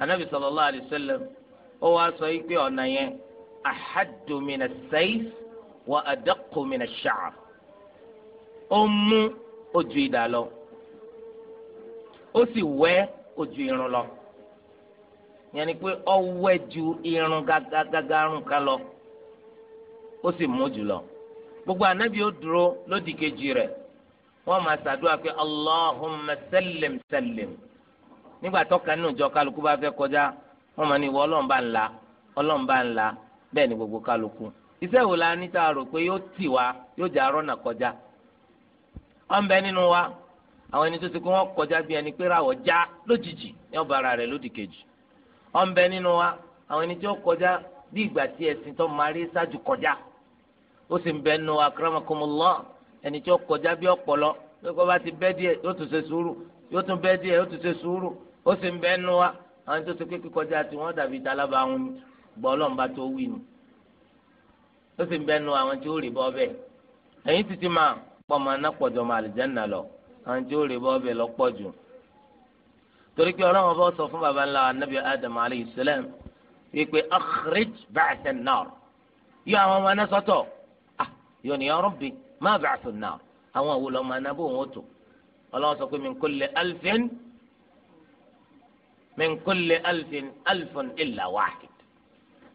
anabi sallallahu ó wá sọ pé ọ̀nà yẹn ahaddu mina wa adaqqu ó mú ó lọ ó sì wẹ́ ó irun lọ yẹn ni pé ó wẹ́ ju irun gágágágárùn ká lọ ó sì mú jù lọ gbogbo anabi ó dúró lódì kejì wọ́n máa ṣàdúrà pé allahumma sallim sallim nígbà tọ́ka nínú ìjọ kálukú bá fẹ́ kọjá wọ́n máa ní ìwọ ọlọ́ọ̀bá bẹ́ẹ̀ ni gbogbo kálukú iṣẹ́ wo la ní rò pé yóò tì wá yóò jẹ́ arọ́nà kọjá wọ́n bẹ nínú wa àwọn ẹni ti kó kọjá bí ẹni pé ráwọ̀ já lójijì ní ọba ẹni tí ó kọjá bí ọpọlọ pé kó bá ti bẹ́ díẹ̀ yóò tún ṣe sùúrù yóò tún bẹ́ díẹ̀ yóò tún ṣe sùúrù ó sì ń bẹ́ nu wa àwọn tó ṣe pé kíkọjá tí wọ́n dàbí tálábà ń gbọ́ ọlọ́mùbá tó wí nu ó sì ń bẹ́ nu àwọn tí ó rè bọ́ bẹ́ẹ̀ ẹ̀yìn títí máa pọ̀ máa ná pọ̀jọ́ máa àlùjánnà lọ àwọn tí ó rè bọ́ bẹ́ẹ̀ lọ́pọ̀ jù torí pé ọlọ́run bá sọ fún baba ńlá anabi adam alayhi salam wípé akhrij ba'than nar yọ àwọn ọmọ náà ah yóò ní ya rabbi má bàtú náà àwọn àwòlọ́ máa ná bó wọn tó ọlọ́wọ́ sọ pé min kulli alfin min kulli alfin alfin illa wahid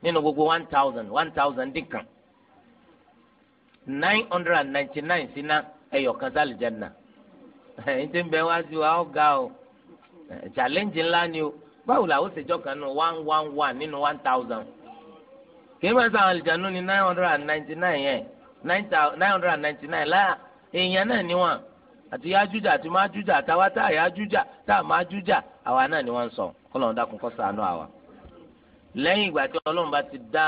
nínú gbogbo one thousand one thousand dìkan nine hundred and ninety nine sínú ẹyọ kan sálì janna ẹ̀yin tí ń bẹ wá sí wa ó ga o challenge ńlá ni o báwo làwọn ṣèjọ kan nù one one one nínú one thousand kí ẹ máa sọ àwọn àlìjánu ní nine hundred and ninety nine yẹn nine hundred and ninety nine láyà èèyàn náà ni wọn àti yájújà àti májújà àtàwa tá àyájújà tá àmájújà àwa náà ni wọn ń sọ kọlọ́n dákun kó ṣàánú àwa. lẹ́yìn ìgbà tí ọlọ́run bá ti dá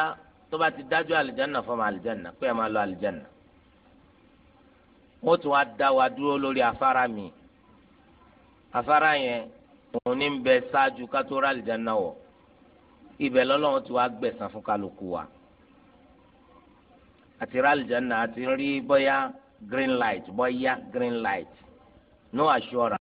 tó bá ti dájọ́ àlìjáná fọmọ àlìjáná pé ẹ máa lọ àlìjáná wọ́n tún wá dá wa dúró lórí afárá mi afárá yẹn òun ní bẹ ṣáájú ká tó rà àlìjáná wọ̀ ibẹ̀ lọ́lọ́run ti wá gbẹ̀san fún kálukú wa àti rálìjánná àti rí bóyá green light bóyá green light no assurance.